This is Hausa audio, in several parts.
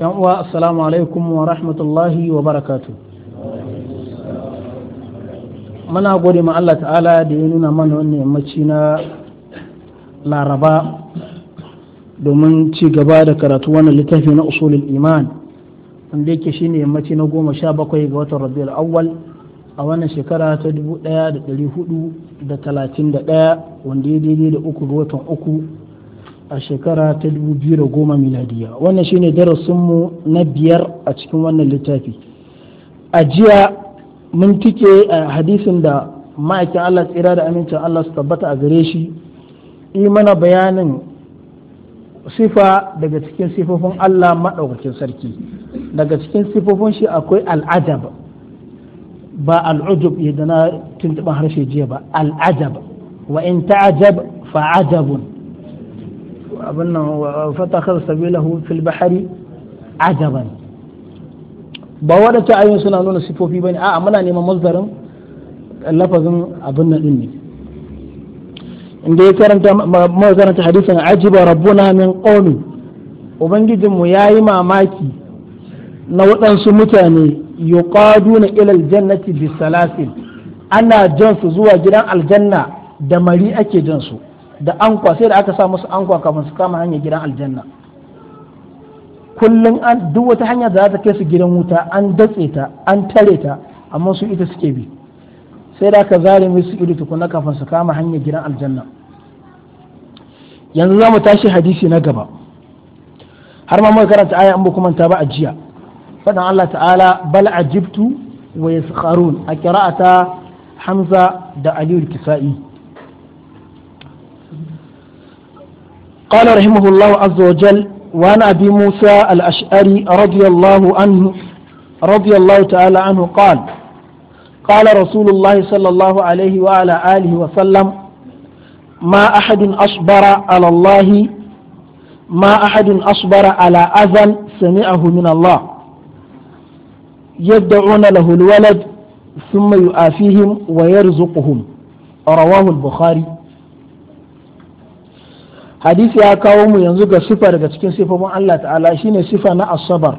yan uwa assalamu alaikum wa rahmatullahi wa barakatu muna gode ma Allah ta'ala da ya nuna mana wannan yammaci na laraba domin ci gaba da karatu wannan littafi na usulul iman wanda yake shine yammaci na goma sha bakwai ga watan rabiul awwal a wannan shekara ta dubu ɗaya da hudu da talatin da ɗaya wanda ya daidai da uku ga watan uku a shekara ta da goma miladiya wannan shine darasinmu na biyar a cikin wannan littafi a jiya mun tike a hadisin da ma'aikin Allah tsira da amincin Allah su tabbata a gare shi yi mana bayanin sifa daga cikin sifofin Allah maɗaukakin sarki daga cikin sifofin shi akwai al'adab ba al'ujub yadda na tuntuɓa harshe jiya ba al'ajab, wa in ta'ajab fa'adabun abin nan sabilahu fil bahari ajaban ba wadata ayin suna nuna sifofi bane a'a muna neman masdarin lafazin abin nan din ne inda ya karanta mazaranta hadisin ajiba rabbuna min qawmi ubangijinmu yayi mamaki na waɗansu mutane yuqaduna ila aljannati bisalasil ana jansu zuwa gidan aljanna da mari ake jansu da ankwa sai da aka sa musu ankwa kafin su kama hanyar gidan aljanna kullum an duk wata hanya da za ta kai su gidan wuta an datse ta an tare ta amma su ita suke bi sai da aka zalimi su ido tukuna kafin su kama hanyar gidan aljanna yanzu za mu tashi hadisi na gaba har ma muka karanta aya an kuma ta ba a jiya fadan Allah ta'ala bal ajibtu wa yaskharun a qira'ata hamza da aliyu kisai قال رحمه الله عز وجل وعن أبي موسى الأشعري رضي الله عنه رضي الله تعالى عنه قال قال رسول الله صلى الله عليه وعلى آله وسلم ما أحد أصبر على الله ما أحد أصبر على أذى سمعه من الله يدعون له الولد ثم يؤافيهم ويرزقهم رواه البخاري hadisi ya kawo mu yanzu ga sifa daga cikin sifofin Allah ta'ala shine sifa na asabar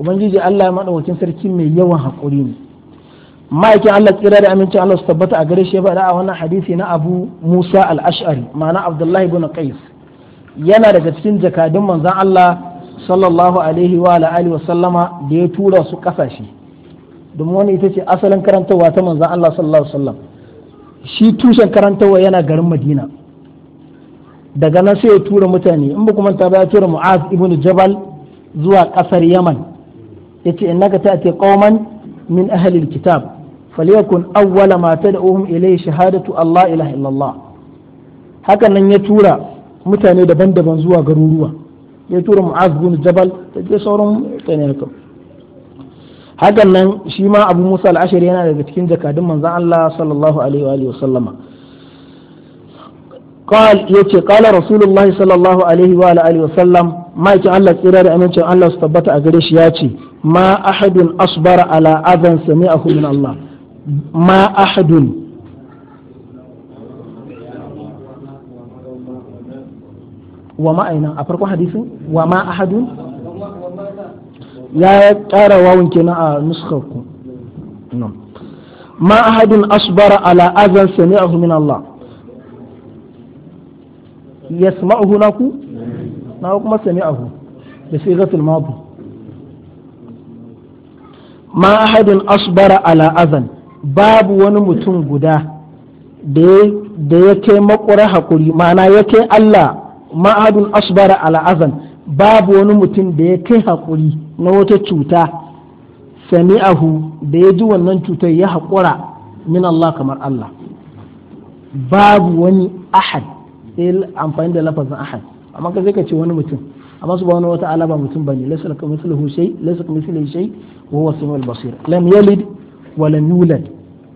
ubangiji Allah wakin sarki mai yawan hakuri ne ma'aikin Allah tsira da amincin Allah su tabbata a gare shi ba da wannan hadisi na Abu Musa al-Ash'ari ma'ana Abdullah ibn Qais yana daga cikin jakadun manzon Allah sallallahu alaihi wa alihi wa sallama da ya tura su kasashe domin wani ita ce asalin karantarwa ta manzon Allah sallallahu alaihi sallam shi tushen karantarwa yana garin Madina daga nan sai ya tura mutane in ba kuma ta ba ya tura mu'az ibn jabal zuwa kasar yaman yace innaka ta'ti qauman min ahli alkitab falyakun awwala ma tad'uhum ilayhi shahadatu allah ilaha illallah hakan nan ya tura mutane daban-daban zuwa garuruwa ya tura mu'az ibn jabal da dai sauran mutane haka hakan nan shi ma abu musa al-ashari yana daga cikin jakadun manzon allah sallallahu alaihi wa sallama قال يتي قال رسول الله صلى الله عليه وعلى آله وسلم ما يتي الله تيرار أمين تي الله استبت أغريش ياتي ما أحد أصبر على أذن سمعه من الله ما أحد وما أين أفرق حديث وما أحد يا ترى واون كنا نسخكم ما أحد أصبر على أذن سمعه من الله yasma'uhu naku na kuma sami'ahu da sigatul madi ma ahadun asbara al'azan babu wani mutum guda da ya kai makwara hakuri ma'ana ya kai Allah ma asbara al'azan babu wani mutum da ya kai haƙuri na wata cuta sami'ahu da ya ji wannan cutar ya haƙura min Allah kamar Allah babu wani ahad sai amfani da lafazin ahad amma ka sai ce wani mutum amma ba wani wata alaba mutum bane laysa ka mithluhu shay laysa ka mithluhu shay wa huwa samiul basir lam yalid wa lam yulad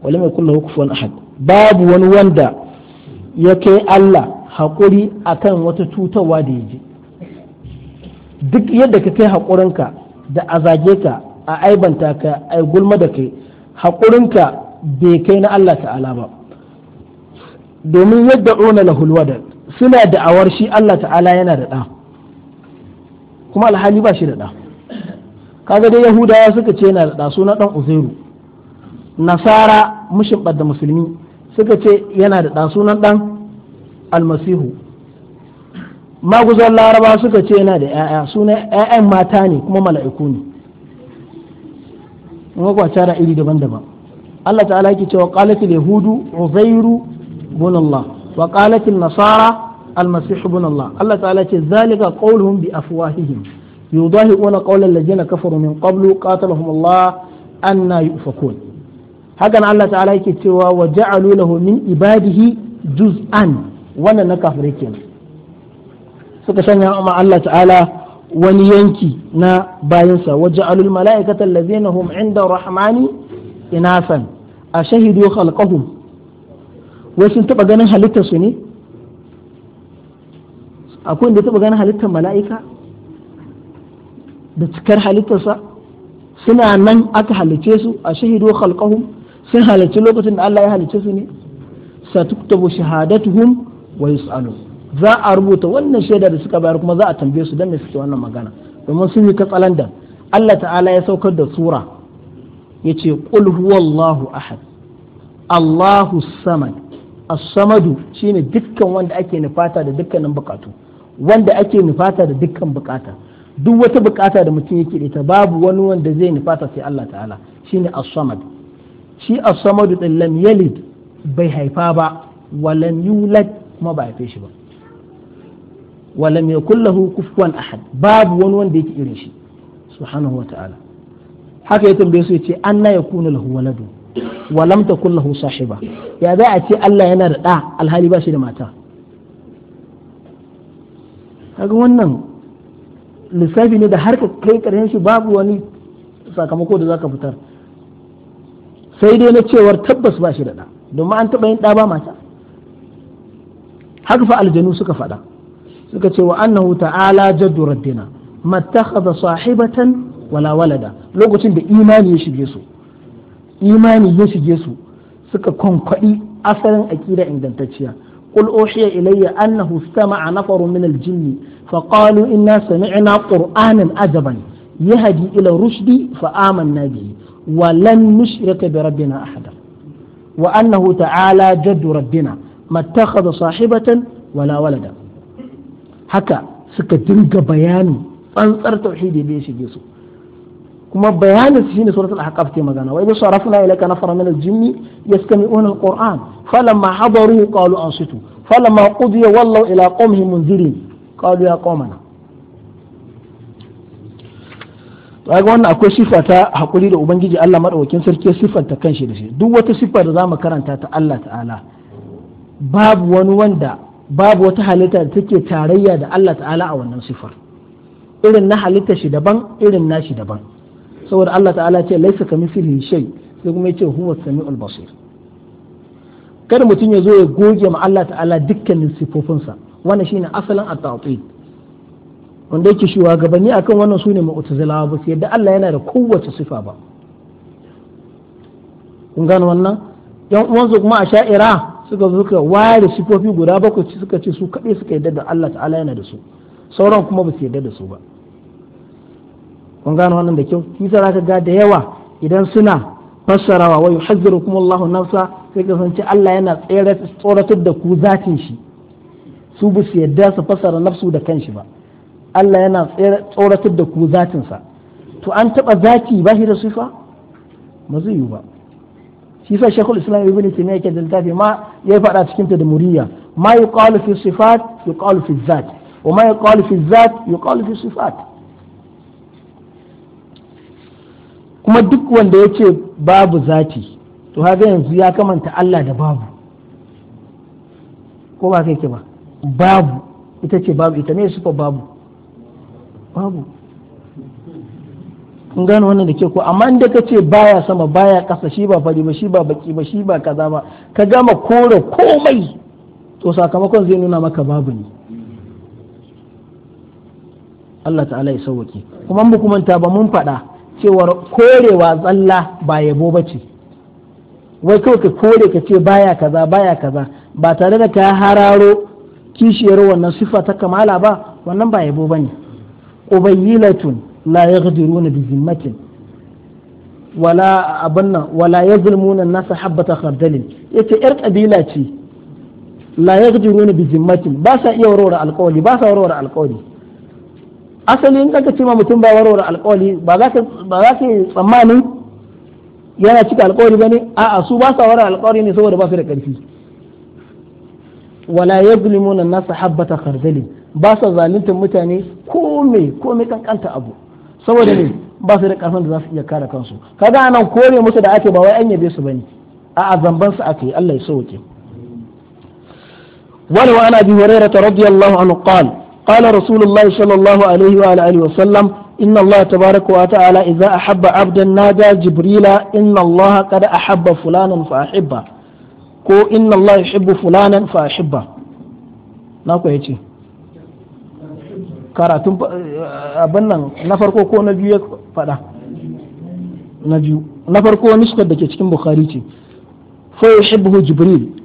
wa lam yakul lahu kufuwan ahad babu wani wanda ya kai Allah hakuri akan wata cutarwa da yaji duk yadda ka kai hakurinka da azage ka a aibanta ka ai gulma da kai hakurinka bai kai na Allah ta'ala ba domin yadda ona lahul da suna da'awar shi Allah ta'ala yana da ɗa kuma alhali ba shi da ɗa kaga dai yahudawa suka ce yana da ɗa suna ɗan uzairu nasara mushin da musulmi suka ce yana da ɗa sunan ɗan almasihu maguzan laraba suka ce yana da 'ya'ya suna 'ya'yan mata ne kuma mala'iku ne in ga iri daban-daban Allah ta'ala yake cewa qalatil yahudu uzairu بن الله وقالت النصارى المسيح بن الله الله تعالى ذلك قولهم بأفواههم يضاهئون قول الذين كفروا من قبل قاتلهم الله أن يؤفكون هكذا الله تعالى يكتوى وجعلوا له من عباده جزءا وانا نكافر suka sanya ma Allah ta'ala wani yanki na bayansa wajen alul mala'ikata allazina hum inda rahmani inasan a shahidu khalqahum wai sun taba ganin halittar su ne akwai wanda taba ganin halittar mala'ika da cikar halittarsa suna nan aka halice su a shahidu khalqahum sun halarci lokacin da Allah ya halice su ne satuktabu shahadatuhum wa yus'alu za a rubuta wannan shaida da suka bayar kuma za a tambaye su dan me suke wannan magana domin sun yi katsalanda Allah ta'ala ya saukar da sura yace qul huwallahu ahad Allahu samad as-samadu shine dukkan wanda ake nufata da dukkanin bukatu wanda ake nufata da dukkan bukata duk wata bukata da mutum yake da babu wani wanda zai nufata sai Allah ta'ala shine as-samad shi as-samadu din lam yalid bai haifa ba walam yulad kuma ba haife shi ba walam yakul kufuwan ahad babu wani wanda yake irin shi subhanahu wa ta'ala haka ya tambaye su ya ce anna yakunu lahu waladun ta kulla takul lahu ba ya za a ce Allah yana da ɗa alhali ba shi da mata kaga wannan lissafi ne da har ka kai karshen shi babu wani sakamako da za ka fitar sai dai na cewar tabbas ba shi da ɗa domin an taɓa yin ɗa ba mata haka fa aljanu suka faɗa suka ce wa annahu ta'ala jaddu rabbina mattakhadha sahibatan wala walada lokacin da imani ya shige su imani ya shige su suka kwankwaɗi asalin aƙida ingantacciya قل أوحي إلي أنه استمع نفر من الجن فقالوا إنا سمعنا قرآنا عجبا يهدي إلى الرشد فآمنا به ولن نشرك بربنا أحدا وأنه تعالى جد ربنا ما اتخذ صاحبة ولا ولدا هكا سكتنك بيان أنصر توحيدي بيش جيسو kuma bayanin su shine suratul ahqaf ce magana wa idza sarafna ilayka nafara min al-jinni yastami'una al-qur'an falamma hadaru qalu ansitu falamma qudiya wallaw ila qawmihim munzirin qalu ya qawmana to ga wannan akwai sifa ta hakuri da ubangiji Allah madaukakin sarki ya ta kanshi da shi duk wata sifa da zamu karanta ta Allah ta'ala babu wani wanda babu wata halitta da take tarayya da Allah ta'ala a wannan sifar irin na halitta shi daban irin nashi daban saboda Allah ta'ala ce laisa kamithlihi shay sai kuma yace huwa samiul basir kada mutum ya zo ya goge ma Allah ta'ala dukkanin sifofinsa wannan shine asalin at tawhid wanda yake shugabanni akan wannan sune mu'tazilawa ba sai yadda Allah yana da kowace sifa ba kun gano wannan yan uwansu kuma a sha'ira suka zo suka ware sifofi guda bakwai suka ce su kaɗai suka yadda da Allah ta'ala yana da su sauran kuma ba su yadda da su ba kun gano wannan da kyau kisa za ka ga da yawa idan suna fassarawa wa yuhazzirukum Allahu nafsa sai ka san Allah yana tsoratar da ku zatin shi su bu su yadda su fassara nafsu da kanshi ba Allah yana tsoratar da ku zatin sa to an taba zati ba shi da sifa ba zai yi ba shi sa shekul islam ibn taymiya yake da littafi ma ya faɗa cikin ta da muriya ma yuqalu fi sifat yuqalu fi zat wa ma yuqalu fi zat yuqalu fi sifat kuma duk wanda ya ce babu zati to haka yanzu ya kamanta Allah da babu ko ba kai ke ba babu ita ce babu ita ne sufa babu babu kun gano wannan da ke ko amma inda ka ce baya sama baya ƙasa shi ba fari ba shi ba baki ba shi ba kaza ba ka gama kore komai to sakamakon zai nuna maka babu ne Allah ta'ala ya sauwake kuma mu kuma ta ba mun faɗa cewar korewa tsalla ba yabo ba ce wai kawai ka kore ka ce baya kaza baya kaza ba tare da ka hararo kishiyar wannan sifa ta kamala ba wannan ba yabo ba ne ubayyilatun la yaghdiruna na zimmatin wala nan wala ya zulmuna nasa habbata khardalin yace yar ƙabila ce la yaghdiruna na zimmatin ba sa iya warware alƙawari ba sa warware alƙawari asali in ka ce ma mutum ba warware alkawali ba za ka tsammanin yana cika alkawali ba ne a'a su ba sa warware alkawali ne saboda ba su da karfi wala na nasa habbata khardalin ba sa zaluntar mutane kome kome kankanta abu saboda ne ba su da karfin da za su iya kare kansu kaga anan kore musu da ake ba wai an yabe su bane a'a zamban su ake Allah ya sauke wani wa ana bi hurairah radiyallahu anhu qala قال رسول الله صلى الله عليه وآله وسلم إن الله تبارك وتعالى إذا أحب عبدا نادى جبريل إن الله قد أحب فلانا فأحبه كو إن الله يحب فلانا فأحبه ناكو يجي karatun abin nan na farko ko na biyu ya faɗa na biyu na farko wani da ke cikin bukhari ce fa yuhibbu jibril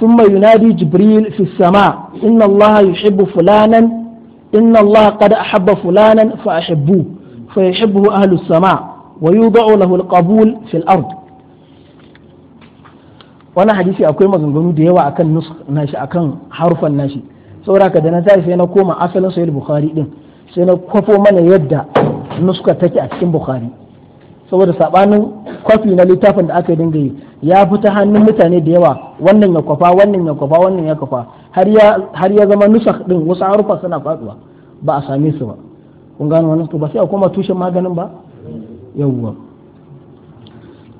ثم ينادي جبريل في السماء إن الله يحب فلانا إن الله قد أحب فلانا فأحبوه فيحبه أهل السماء ويوضع له القبول في الأرض wannan hadisi akwai maganganu da yawa akan nusk nashi akan harufan nashi sauraka da na tashi sai na koma asalin sahih bukhari din sai na kwafo mana yadda nuska take a cikin bukhari saboda sabanin kwafi na littafin da aka dinga yi ya fita hannun mutane da yawa wannan ya kwafa wannan ya kwafa wannan ya kwafa har ya zama nusak din wasu harufa suna faduwa ba a same su ba kun gano wannan to ba sai a koma tushen maganin ba yawwa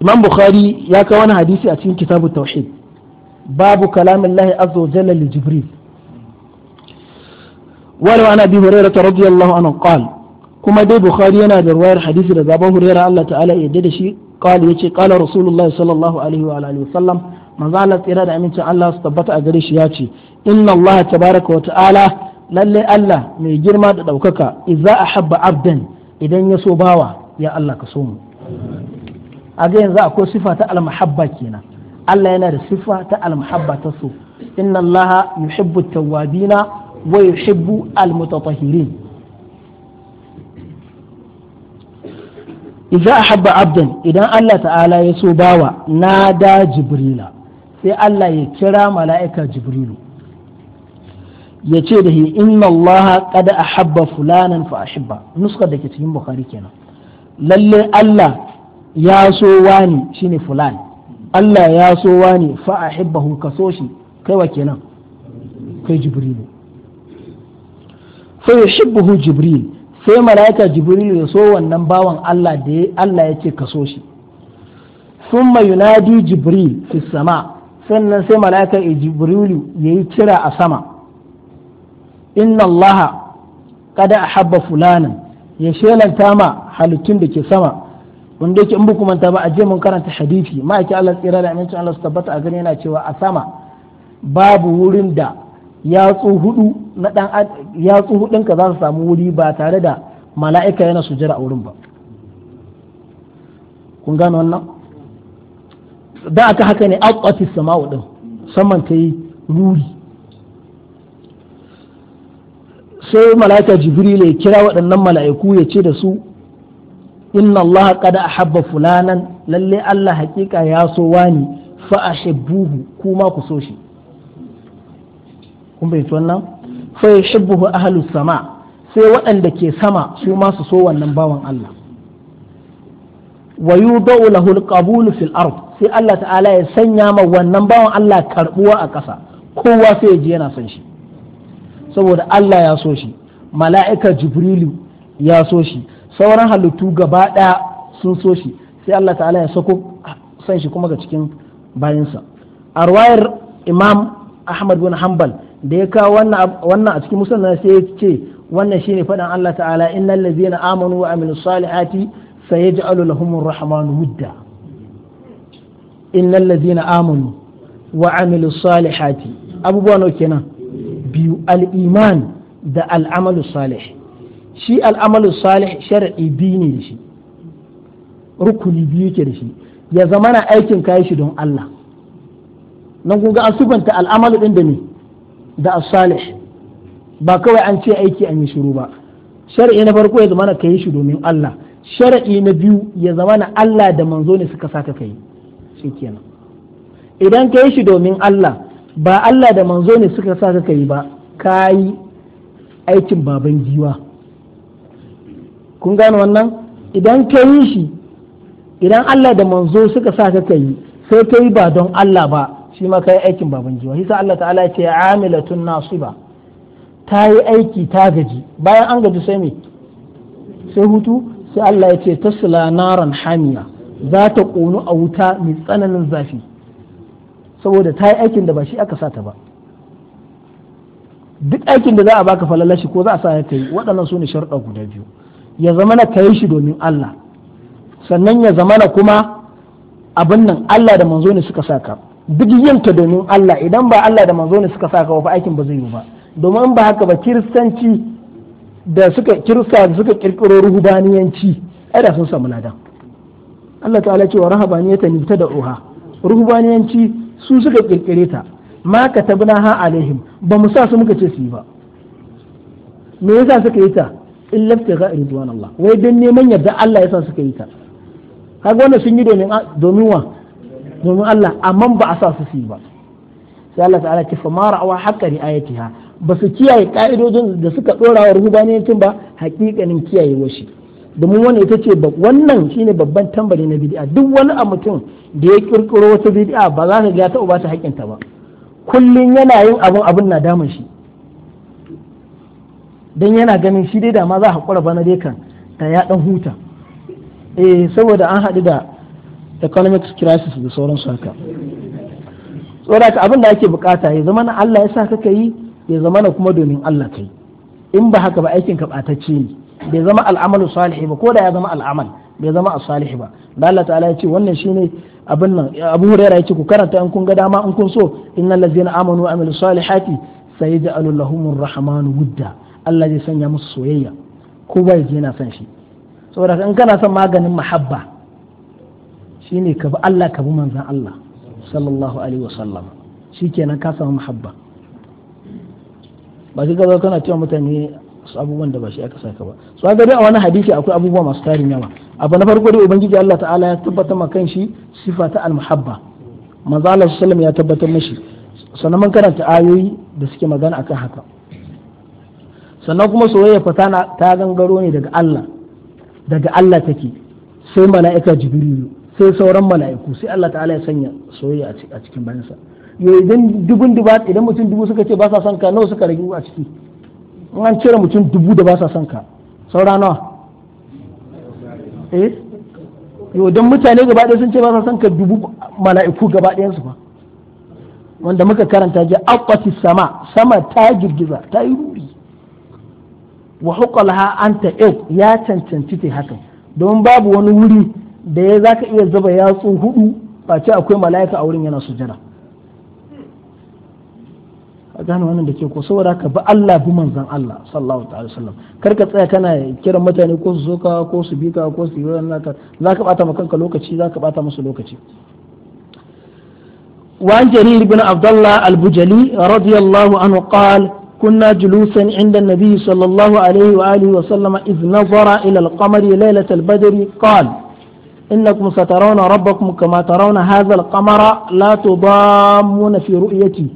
imam bukhari ya kawo wani hadisi a cikin kitabu tauhid babu kalamin lahi azza wa jalla li jibril wa ana ابي hurairah radiyallahu anhu qala kuma dai bukhari yana da ruwayar hadisi da zaba hurera Allah ta'ala ya da shi qala yace kala rasulullah sallallahu alaihi wa alihi wasallam manzo Allah tsira da amincin Allah su tabbata a gare shi ya ce inna Allah tabaraka wa ta'ala lalle Allah mai girma da daukaka idza ahabba abdan idan ya so bawa ya Allah ka so mu a ga yanzu akwai sifa ta kenan Allah yana da sifa ta almahabba ta so inna Allah yuhibbu tawwabina wa yuhibbu almutatahirin iza habba abdan idan Allah ta'ala ya so bawa nada jibrila sai Allah ya kira mala'ika jibrilu ya ce da hi inna Allah a ahabba fulanan fa ahibba nuskar da ke cikin bukhari kenan lalle Allah ya so wani shine fulan Allah ya so wani fa ahibbahu ka shi kai wa kenan kai jibrilu fa yuhibbuhu jibril sai mala'ika jibril ya so wannan bawan Allah da Allah ya ce kaso so shi summa yunadi jibril fi sama sannan sai mala'ika ya yi kira a sama inna allaha kada ahabba fulanan ya shelanta ma halittun da ke sama wanda yake in ba manta ba a je mun karanta hadisi yake Allah tsira da amincin Allah su tabbata a gani yana cewa a sama babu wurin da yatsu hudu na dan hudun ka za su samu wuri ba tare da mala'ika yana jira a wurin ba kun gano wannan da aka haka ne alƙwati sama'u din saman ta yi ruri sai mala'ika jibril ya kira waɗannan mala'iku ya ce da su inna Allah qad ahabba fulanan lalle Allah hakika ya so wani fa ahibbuhu kuma ku so shi kun fahimci wannan fa yuhibbuhu ahlus sama sai waɗanda ke sama su ma su so wannan bawan Allah wa yudau lahu alqabul fil ard sai Allah ta'ala ya sanya ma wannan bawan Allah karbuwa a ƙasa kowa sai ya ji yana son shi saboda Allah ya so shi mala'ika jibrilu ya so shi sauran halittu gaba ɗaya sun so shi sai Allah ta'ala ya sako san shi kuma ga cikin bayansa a ruwayar imam ahmad bin hanbal da ya kawo wannan a cikin musulman sai ya ce wannan shi ne faɗin Allah ta'ala innal na amanu wa aminu salihati sayaj'alu lahumur rahmanu wudda innal na amanu wa aminu salihati abubuwa nawa kenan biyu al'iman da al'amalu salih shi al'amalu salih shari'i biyu ne da shi rukuni biyu ke da shi ya zamana aikin kayi shi don Allah nan kun ga an subanta al'amalu din da ne da as-salih ba kawai an ce aiki an yi shiru ba shar'i na farko ya zama na kai shi domin Allah shar'i na biyu ya zama na Allah da manzo ne suka saka kai shikenan idan kai shi domin Allah ba Allah da manzo ne suka saka kai ba kai aikin baban jiwa kun gane wannan idan kai shi idan Allah da manzo suka saka kai sai kai ba don Allah ba shi ma kai aikin baban jiwa shi Allah ta'ala ya ce amilatun nasiba ta yi aiki ta gaji bayan an gaji sai me sai hutu sai Allah ya ce tasla naran hamiya za ta ƙonu a wuta mai tsananin zafi saboda ta yi aikin da ba shi aka sata ba duk aikin da za a baka shi ko za a sa ya yi waɗannan su ne guda biyu ya zama na kai shi domin Allah sannan ya zama na kuma abin nan Allah da manzo ne suka saka duk ta domin Allah idan ba Allah da manzo ne suka saka wa aikin ba zai yi ba domin ba haka ba kiristanci da suka kirista da suka kirkiro ruhubaniyanci ai da sun samu ladan Allah ta'ala cewa rahabaniyata ta da ruha ruhubaniyanci su suka kirkire ta ma tabna ha alaihim ba mu sa su muka ce su yi ba me yasa suka yi ta illa ga ridwan Allah wai dan neman yarda Allah yasa suka yi ta kaga wannan sun yi domin domin wa domin Allah amma ba a sa su su yi ba sai Allah ta'ala ce famara awa haka ha, ba su kiyaye ka'idojin da suka dora wa rubaniyancin ba hakikanin kiyaye shi domin wannan ita ce wannan shine babban tambari na bid'a duk wani a mutum da ya kirkiro wata bid'a ba za ka ga ta hakkin ta ba kullum yana yin abin abun na damun shi dan yana ganin shi dai da ma za a haƙura bana dai kan ta ya dan huta eh saboda an haɗu da economic crisis da sauransu haka tsoraka abin da ake bukata ya zama na Allah ya sa ka yi ya zama na kuma domin Allah Kai. in ba haka ba aikin ka batacce ne bai zama al'amalu salihi ba ko da ya zama al'amal bai zama salihi ba da Allah ta'ala ya ce wannan shine abin nan Abu Hurairah ya ce ku karanta in kun ga dama in kun so innal ladzina amanu wa amilus salihati sayaj'alu rahma rahmanu wudda Allah zai sanya musu soyayya ko bai yana son shi saboda in kana son maganin mahabba ne ka bi Allah ka bi manzan Allah sallallahu alaihi wasallam shikenan ka samu muhabba ba shi gaba kana cewa mutane su abubuwan da ba shi aka saka ba su a gari a wani hadisi akwai abubuwa masu tarin yawa abu na farko dai ubangiji Allah ta'ala ya tabbata ma kanshi sifa ta al-muhabba manzo Allah sallallahu ya tabbatar mishi sannan mun karanta ayoyi da suke magana akan haka sannan kuma soyayya fata ta gangaro ne daga Allah daga Allah take sai mala'ika jibrilu sai sauran mala'iku sai Allah ta'ala ya sanya soyayya a cikin bayansa yo idan dubun duba idan mutum dubu suka ce ba sa son ka nawa suka rage a ciki in an cire mutum dubu da ba sa son ka saura nawa eh yo dan mutane gaba ɗaya sun ce ba sa son ka dubu mala'iku gaba ɗayan su fa wanda muka karanta ji aqati sama sama ta girgiza ta yi ruri wa huqalaha anta ya cancanci ta hakan don babu wani wuri da ya za ka iya zuba yatsu hudu ba ce akwai mala'ika a wurin yana sujada a gane wannan da ke ko saboda ka bi Allah bi manzan Allah sallallahu ta'ala kar ka tsaya kana kiran mutane ko su zoka ko su bika ko su yi naka za ka bata kanka lokaci za ka bata musu lokaci وعن جرير بن عبد الله البجلي رضي الله عنه قال كنا جلوسا عند النبي صلى الله عليه وآله وسلم إذ نظر إلى القمر ليلة البدر قال إنكم سترون ربكم كما ترون هذا القمر لا تضامون في رؤيتي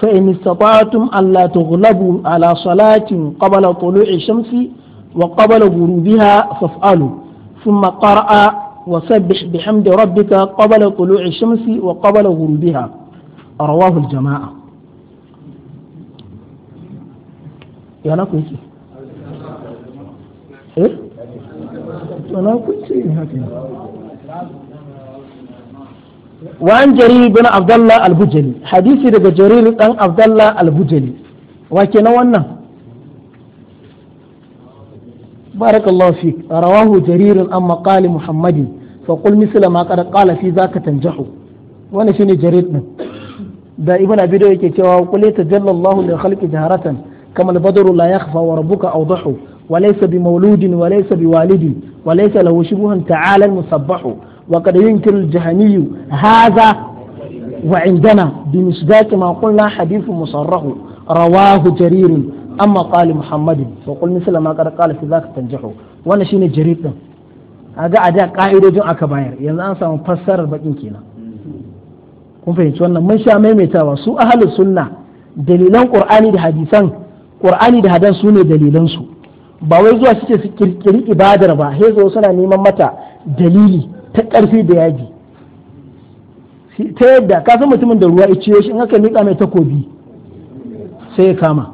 فإن استطعتم ألا تغلبوا على صلاة قبل طلوع الشمس وقبل غروبها فافعلوا ثم قرأ وسبح بحمد ربك قبل طلوع الشمس وقبل غروبها رواه الجماعة يا لكم إيه؟ تناقض شيء وعن جرير بن عبد الله البجلي حديثي دغ جرير بن عبد الله البجلي وكنا وانا بارك الله فيك رواه جرير أما قال محمد فقل مثل ما قد قال في ذاك تنجح وانا شنو جرير da ibn abido yake cewa qul yatajalla Allahu li khalqi jaharatan kama al-badru la yakhfa wa rabbuka awdahu وليس بمولود وليس بوالد وليس له شبه تعالى المسبح وقد ينكر الجهمي هذا وعندنا بمصداق ما قلنا حديث مصرح رواه جرير أما قال محمد وقل مثل ما قد قال في ذاك تنجح وانا شيني جرير aga a da ka'idojin aka bayar yanzu an samu fassarar bakin kenan kun fahimci wannan mun sha maimaitawa su ahalus sunna dalilan qur'ani da hadisan qur'ani da hadan su ne dalilan su ba wai zuwa suke su kirkiri ibadar ba sai zo suna neman mata dalili ta ƙarfi da yaji ta yadda ka san mutumin da ruwa iciyo shi in aka miƙa mai takobi sai ya kama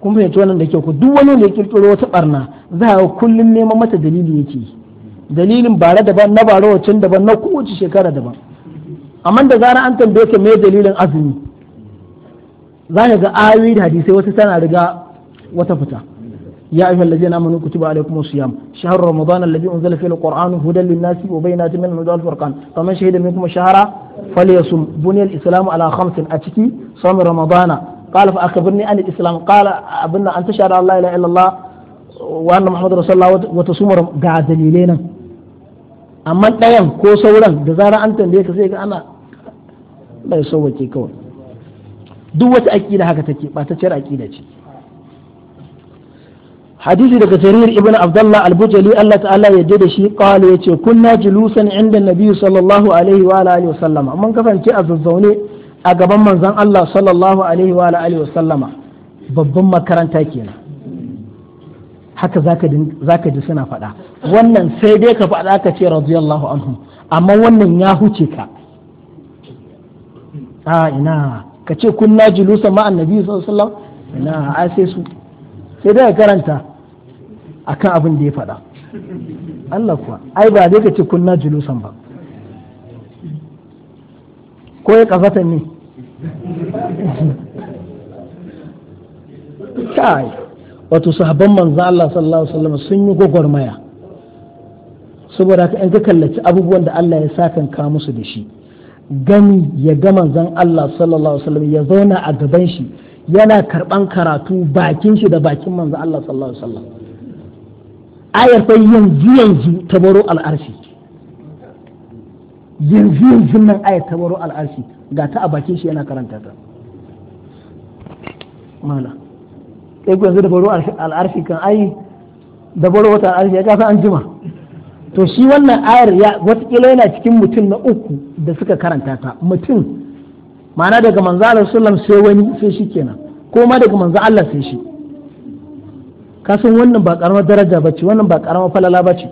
kun fahimci wannan da kyau ku duk wani da ya kirkiro wata barna za a kullum neman mata dalili yake dalilin bara daban na bara wacin daban na kowace shekara daban amma da zara an tambaye ka me dalilin azumi za ka ga ayoyi da hadisai wata tana riga wata fita يا أيها الذين آمنوا كتب عليكم الصيام شهر رمضان الذي أنزل فيه القرآن هدى للناس وبينات من الهدى والفرقان فمن شهد منكم الشهر فليصم بني الإسلام على خمس أتكي صوم رمضان قال فأخبرني عن الإسلام قال أبن أن تشهد الله لا إله إلا الله وأن محمد رسول الله وتصوم رمضان قاعد دليلين أما الأيام كو سولا جزارة أنت ليك زيك أنا لا يسوي كي كون دوة أكيدة هكذا تكي ما تشير أكيدة تكي hadisi daga jarir ibn abdullah al-bujali Allah ta'ala ya je da shi qala yace kunna julusan inda nabi sallallahu alaihi wa alihi wa sallama mun kasance a zazzaune a gaban manzon Allah sallallahu alaihi wa alihi wa sallama babban makaranta kenan haka zaka ji suna faɗa wannan sai dai ka faɗa ka ce radiyallahu amma wannan ya huce ka a ina ka ce kunna julusa ma'an nabi sallallahu alaihi wa sallam ina ai sai su sai karanta A kan abin da ya faɗa Allah kuwa ai ba zai ka ce kunna julusan ba ko ya kazatan ne kai wato sahabban manzan Allah sallallahu alaihi wasallam sun yi gwagwarmaya saboda haka in ka kallaci abubuwan da Allah ya sakan ka musu da shi gani ya ga manzon Allah sallallahu alaihi wasallam ya zauna a gaban shi yana karɓan karatu bakin shi da bakin manzan Allah sallallahu alaihi wasallam ayar fa yanzu yanzu ta baro al'arshi yanzu yanzu nan ayar ta baro al'arshi ga ta a bakin shi yana karanta ta mala kai ku yanzu da baro al'arshi kan ayi da baro wata al'arshi ya kasa an jima to shi wannan ayar ya watakila yana cikin mutum na uku da suka karanta ta mutum ma'ana daga manzo Allah sallam sai wani sai shi kenan ko ma daga manzo Allah sai shi kasan wannan ba karamar daraja ba ce wannan ba karamar falala ba ce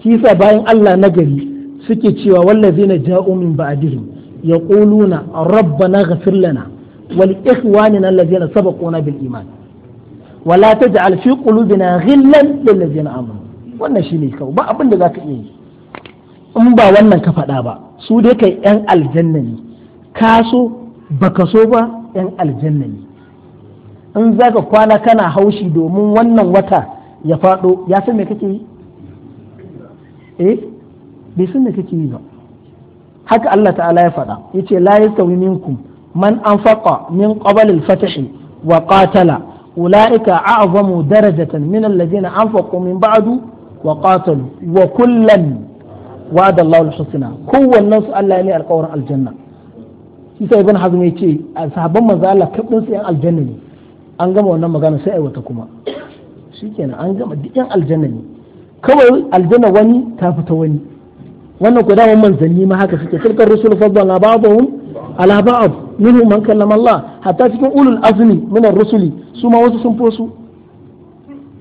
shi yasa bayan Allah na gari suke cewa na ja'u min ba'dihim yaquluna rabbana ghfir lana wal ikhwanina allazina sabaquna bil iman wala taj'al fi qulubina ghillan lil ladzina amanu wannan shine kawai ba abin da zaka iya yi in ba wannan ka faɗa ba su dai kai yan aljanna ne ka so baka so ba yan aljanna ne in za ka kwana kana haushi domin wannan wata ya faɗo ya san me kake yi eh bai san me kake yi ba haka Allah ta'ala ya faɗa yace la yastawi minkum man anfaqa min qabl al-fath wa qatala ulaika a'zamu darajatan min alladhina anfaqu min ba'du wa qatalu wa kullan wa'ada Allahu al-husna kowannen su Allah ne alƙawarin aljanna shi sai ibn hazm yace sahabban manzo Allah kabdin su yan aljanna ne an gama wannan magana sai aiwata kuma kenan an gama duk yan aljanna ne kawai aljanna wani ta fita wani wannan ko dama manzanni ma haka suke tilkar rusul faddala ba'dhum ala ba'd minhum man kallama Allah hatta cikin ulul azmi min ar-rusuli su ma wasu sun fosu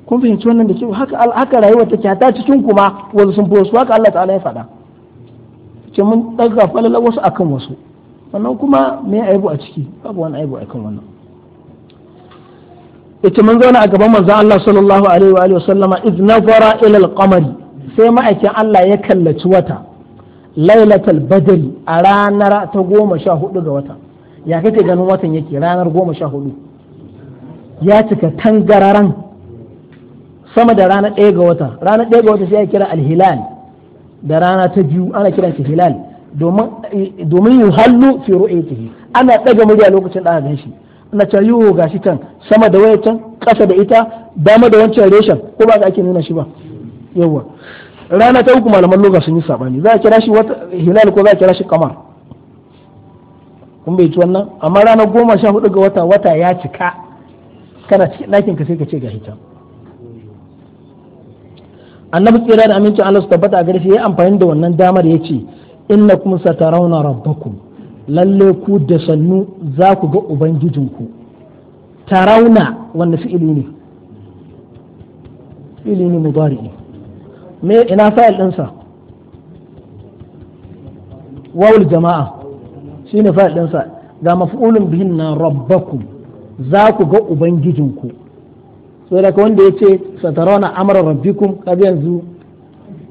kun fahimci wannan da ke? haka haka rayuwa take hatta cikin kuma wasu sun fosu haka Allah ta'ala ya faɗa ce mun daga falala wasu akan wasu wannan kuma me aibu a ciki babu wani aibu akan wannan yace mun zauna a gaban manzon Allah sallallahu alaihi wa sallama wasallama iz nazara ila al-qamari sai ma'aikin Allah ya kallaci wata lailatul badri a ranar ta goma sha hudu ga wata ya kake ganin watan yake ranar goma sha hudu ya cika tangararan sama da rana ɗaya ga wata rana ɗaya ga wata sai ya kira alhilal da rana ta biyu ana kiran shi hilal domin eh, yuhallu fi ru'yatihi ana ɗaga murya lokacin da aka shi na ta yi ga shi can sama da waya can ƙasa da ita dama da wancan reshen ko ba ka ake nuna shi ba yawwa rana ta uku malaman loga sun yi sabani za a kira shi wata hilal ko za a kira shi kamar kun bai ci wannan amma ranar goma sha hudu ga wata wata ya cika kana cikin ɗakin ka sai ka ce ga hijab annabi tsira da amincin Allah su tabbata a gare shi ya amfani da wannan damar ya ce innakum satarauna rabbakum lalle ku da sannu za ku ga ubangijinku tarauna wanda fi'ili ne fi'ili ne mudari me ina fa'il ɗinsa wawul jama'a shine fa'il ɗinsa ga maf'ulun bihin na rabbakum za ku ga ubangijinku sai daga wanda ya ce satarauna amara rabbikum kaga yanzu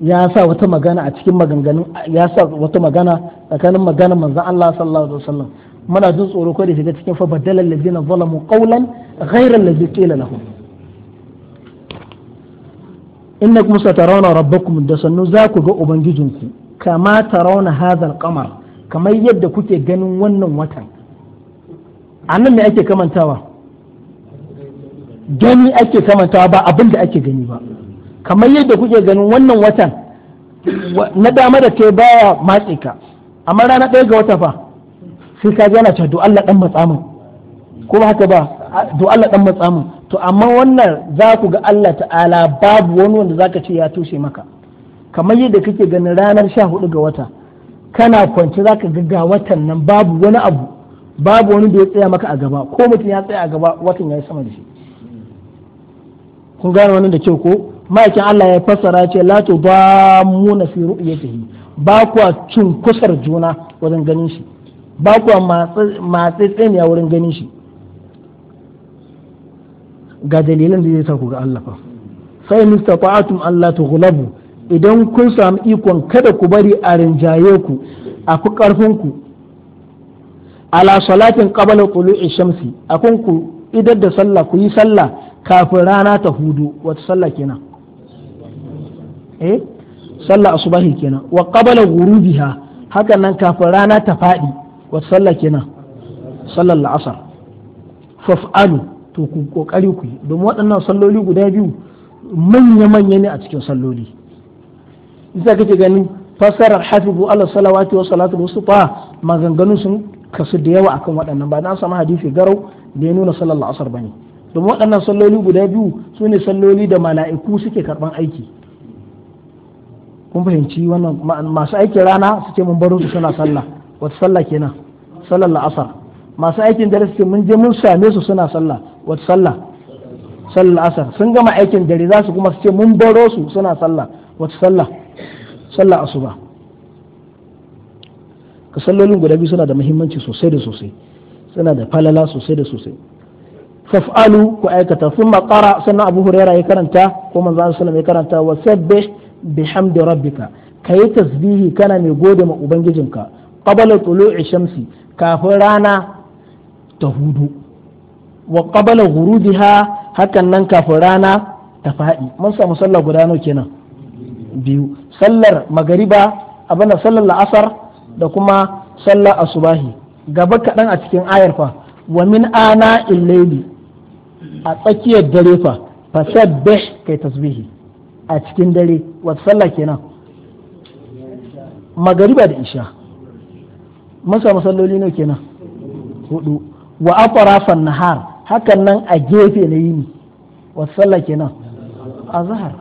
ya sa wata magana a cikin maganganun ya sa wata magana tsakanin maganar manzon Allah sallallahu alaihi wasallam muna jin tsoro ko da shiga cikin fa badalal ladina zalamu qawlan ghayra alladhi qila lahum innakum satarawna rabbakum da sannu za ku ga ubangijinku kama tarawna hadhal qamar kamar yadda kuke ganin wannan watan annan me ake kamantawa gani ake kamantawa ba abin da ake gani ba kamar yadda kuke ganin wannan watan na dama da ke baya matse ka amma rana ɗaya ga wata fa sai ka yana cewa do Allah dan matsa min ko ba haka ba do Allah dan matsa min to amma wannan za ku ga Allah ta'ala babu wani wanda zaka ce ya tushe maka kamar yadda kake ganin ranar 14 ga wata kana kwance zaka ga ga watan nan babu wani abu babu wani da ya tsaya maka a gaba ko mutum ya tsaya a gaba watan ya yi sama da shi kun gane wannan da kyau ko ma'aikin Allah ya fassara ce la ba mu na fi ru'yatihi ba kuwa cin kusar juna wurin ganin shi ba kuwa matsi tsaniya wurin ganin shi ga dalilan da zai sa ku ga Allah fa sai mustata'atum Allah tughlabu idan kun samu ikon kada ku bari a rinjaye ku a ku karfin ku ala salatin qabla tulu'i shamsi akun ku idar da sallah ku yi sallah kafin rana ta hudu wata sallah kenan eh sallah asubahi kenan wa qabala ghurubiha haka nan kafin rana ta faɗi wa sallah kenan sallar la'asar faf'alu to ku kokari ku yi domin waɗannan salloli guda biyu manya manya ne a cikin salloli isa kake gani fassarar hafizu Allah salawati wa salatu wusufa maganganun sun kasu da yawa akan waɗannan ba na samu hadisi garau da ya nuna sallar la'asar bane domin waɗannan salloli guda biyu sune salloli da mala'iku suke karɓan aiki kun fahimci wannan masu aikin rana suke mun baro su suna sallah wata sallah kenan sallar la'asar masu aikin dare suke mun je mun same su suna sallah wata sallah sallar la'asar sun gama aikin dare za su kuma suke mun baro su suna sallah wata sallah sallar asuba ka sallolin guda biyu suna da muhimmanci sosai da sosai suna da falala sosai da sosai faf'alu ku aikata sun makara sannan abu huraira ya karanta ko manzan sallallahu ya karanta wa sabbe bihamdi rabbika kayi tasbihi kana mai gode ma ubangijinka qabla tulu'i shamsi kafin rana ta hudu wa qabla ghurubiha hakan nan kafin rana ta faɗi mun samu sallah guda nawa kenan biyu sallar magariba a bana sallar la'asar da kuma sallar asubahi gaba kaɗan a cikin ayar fa wa min ana illaili a tsakiyar dare fa fasabbih kai tasbihi a cikin dare wata sallah kenan magariba da isha masa masalloli ne kenan hudu wa aqrafan nahar hakan nan a gefe na yini wata sallah kenan azhar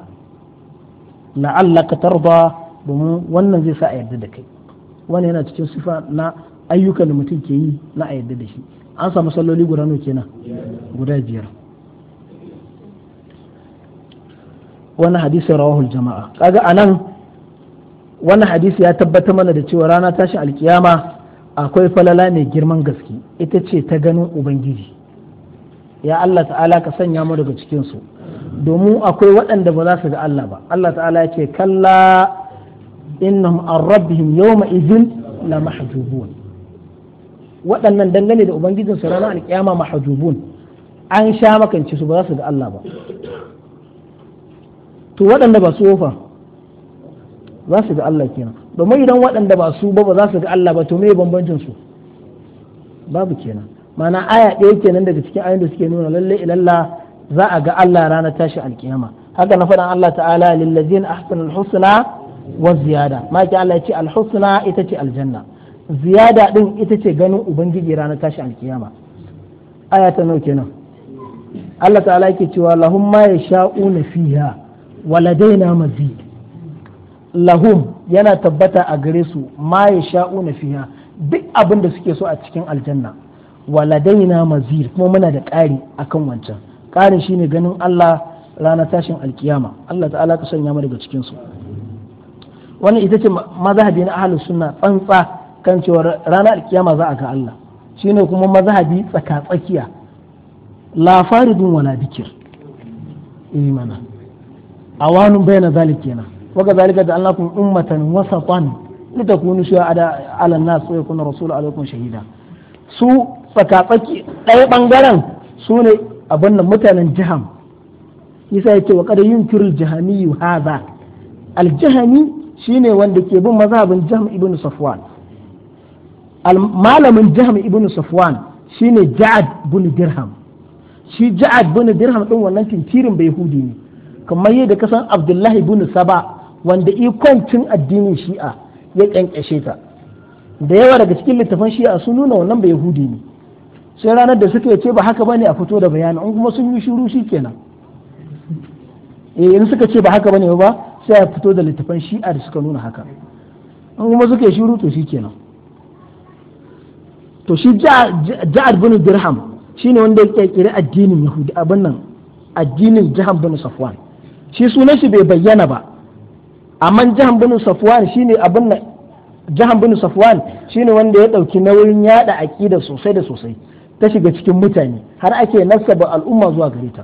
la'allaka tarda domin wannan zai sa a yarda da kai wani yana cikin sifa na ayyukan da mutum ke yi na a yarda da shi an samu salloli guda nawa kenan guda biyar wani hadisin rawahul jama'a kaga anan wani hadisi ya tabbatar mana da cewa rana tashi alkiyama akwai falala mai girman gaske ita ce ta ganin ubangiji ya Allah ta'ala ka sanya mu daga cikin su domin akwai waɗanda ba za su ga Allah ba Allah ta'ala ya ce kalla innahum an rabbihim yawma idhin la mahjubun waɗannan dangane da ubangijin su ranar alkiyama mahjubun an sha makance su ba za su ga Allah ba to waɗanda ba su wofa za su ga Allah kenan domin idan waɗanda ba su ba ba za su ga Allah ba to me bambancin su babu kenan mana aya ɗaya kenan daga cikin ayoyin da suke nuna lalle ilalla za a ga Allah ranar tashi alkiyama haka na faɗan Allah ta'ala lillazina ahsanul husna wa ziyada ma ki Allah ya ce alhusna ita ce aljanna ziyada din ita ce ganin ubangiji rana tashi alkiyama aya ta nau kenan Allah ta'ala yake cewa lahum ma yasha'una fiha waladaina mazid lahum yana tabbata a gare su ma ya sha'una fiha duk abin da suke so a cikin aljanna waladaina mazid kuma muna da ƙari akan wancan ƙarin shine ganin Allah ranar tashin alkiyama Allah ta'ala ka sanya mu daga cikin su wannan ita ce mazhabi na ahlus sunna tsantsa kan cewa ranar alkiyama za a ga Allah shine kuma mazhabi tsaka tsakiya la faridun wala dikir imana eh, awanun bayyana zalik kenan waga zalika da annakum ummatan wasatan litakunu shuhada ala nas wa yakuna rasulu alaikum shahida su tsakatsaki ɗaya bangaren su ne abin nan mutanen jiham yasa yake wa kada yunkirul jahami hadha aljahami shine wanda ke bin mazhabin jiham ibn safwan malamin jiham ibn safwan shine ja'ad bin dirham shi ja'ad bin dirham din wannan tintirin bai hudi ne kamar yadda ka san abdullahi ibn saba wanda kwancin addinin shi'a ya kyankyashe ta da yawa daga cikin littafan shi'a sun nuna wannan ba yahudi ne sai ranar da suka ce ba haka bane a fito da bayani an kuma sun yi shiru kenan. eh in suka ce ba haka bane ba sai a fito da littafan shi'a da suka nuna haka an kuma suka yi shiru to kenan. to shi ja'ad bin dirham shine wanda ya kirkiri addinin yahudi abin nan addinin jihar bin safwan shi sunan shi bai bayyana ba amma jahan bin safwan shine abin da jahan bin safwan shine wanda ya dauki nauyin yada aqida sosai da sosai ta shiga cikin mutane har ake nasaba al'umma zuwa gare ta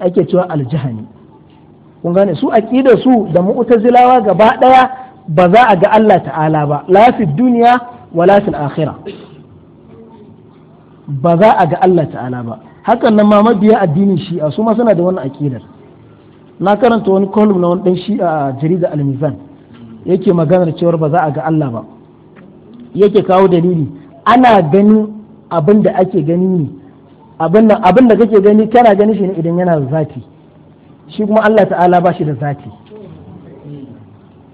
ake cewa aljahani kun gane su aqida su da mu'tazilawa gaba daya ba za a ga Allah ta'ala ba la fi duniya wala fil akhirah ba za a ga Allah ta'ala ba hakan nan ma mabiya addinin shi'a su ma suna da wannan aqidar na karanta wani kolum na wani dan shi a jarida al-mizan yake maganar cewar ba za a ga Allah ba yake kawo dalili ana ganin abin da ake gani ne abin da kake gani kana gani shi ne idan yana da zati shi kuma Allah ta'ala ba shi da zati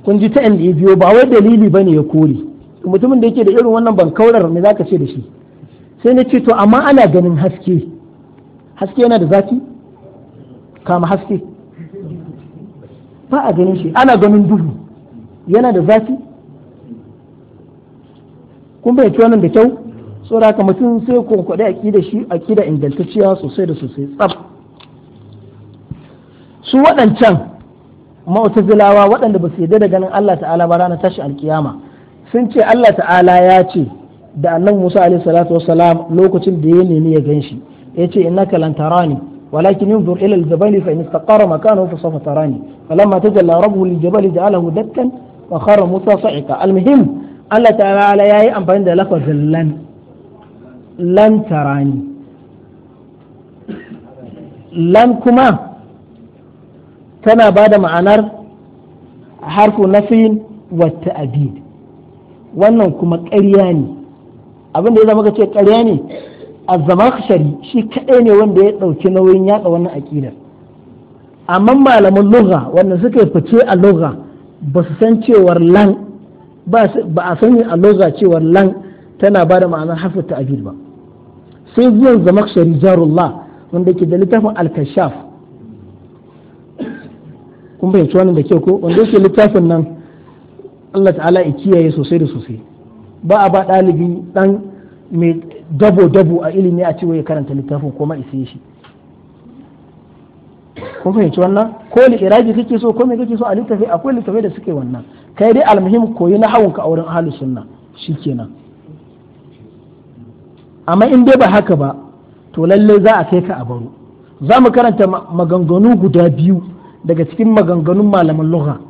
kun ji ta inda ya biyo ba wai dalili ba ne ya kore mutumin da yake da irin wannan ban kaurar me zaka ce da shi sai na ce to amma ana ganin haske haske yana da zati kama haske ba a ganin shi ana ganin duhu yana da zafi kun bai wannan da kyau saboda haka mutum sai kwankwaɗe da shi a da ingantacciya sosai da sosai tsaf su waɗancan ma'utazilawa waɗanda ba su yarda da ganin Allah ta'ala ba ranar tashi alkiyama sun ce Allah ta'ala ya ce da annabi Musa alaihi salatu lokacin da ya nemi ya gan shi ya ce innaka lantarani ne. ولكن انظر إلى الجبل فإن استقر مكانه فسوف تراني فلما تجلى ربه للجبل جعله دكا وخر موسى صعقا المهم الله تعالى يا أم بين لفظ لن لن تراني لن كما تنا بعد معنى حرف نفي والتأبيد wannan kuma ƙarya ne abin da ya zama ce ƙarya ne az shari shi kadai ne wanda ya dauki nauyin yada wannan aƙida amma malaman lugha wanda suka fice a lugha ba su san cewar lan ba a sani a lugha cewar lan tana ba da ma'anar harfin ta'abir ba sai zuwan zamakshari jarullah wanda ke da littafin al kun fahimci da ke ko wanda ke littafin nan Allah ta'ala ya kiyaye sosai da sosai ba a ba ɗalibi ɗan mai dabo-dabo a ilimi a cewa ya karanta littafin ko ma ise shi kun fahimci wannan ko li'iraji kake so ko me kake so a littafi akwai littafi da suke wannan kai dai almuhim koyi na ka a wurin ahlus sunna shikenan amma in dai ba haka ba to lallai za a kai ka a baro za mu karanta maganganu guda biyu daga cikin maganganun malaman lugha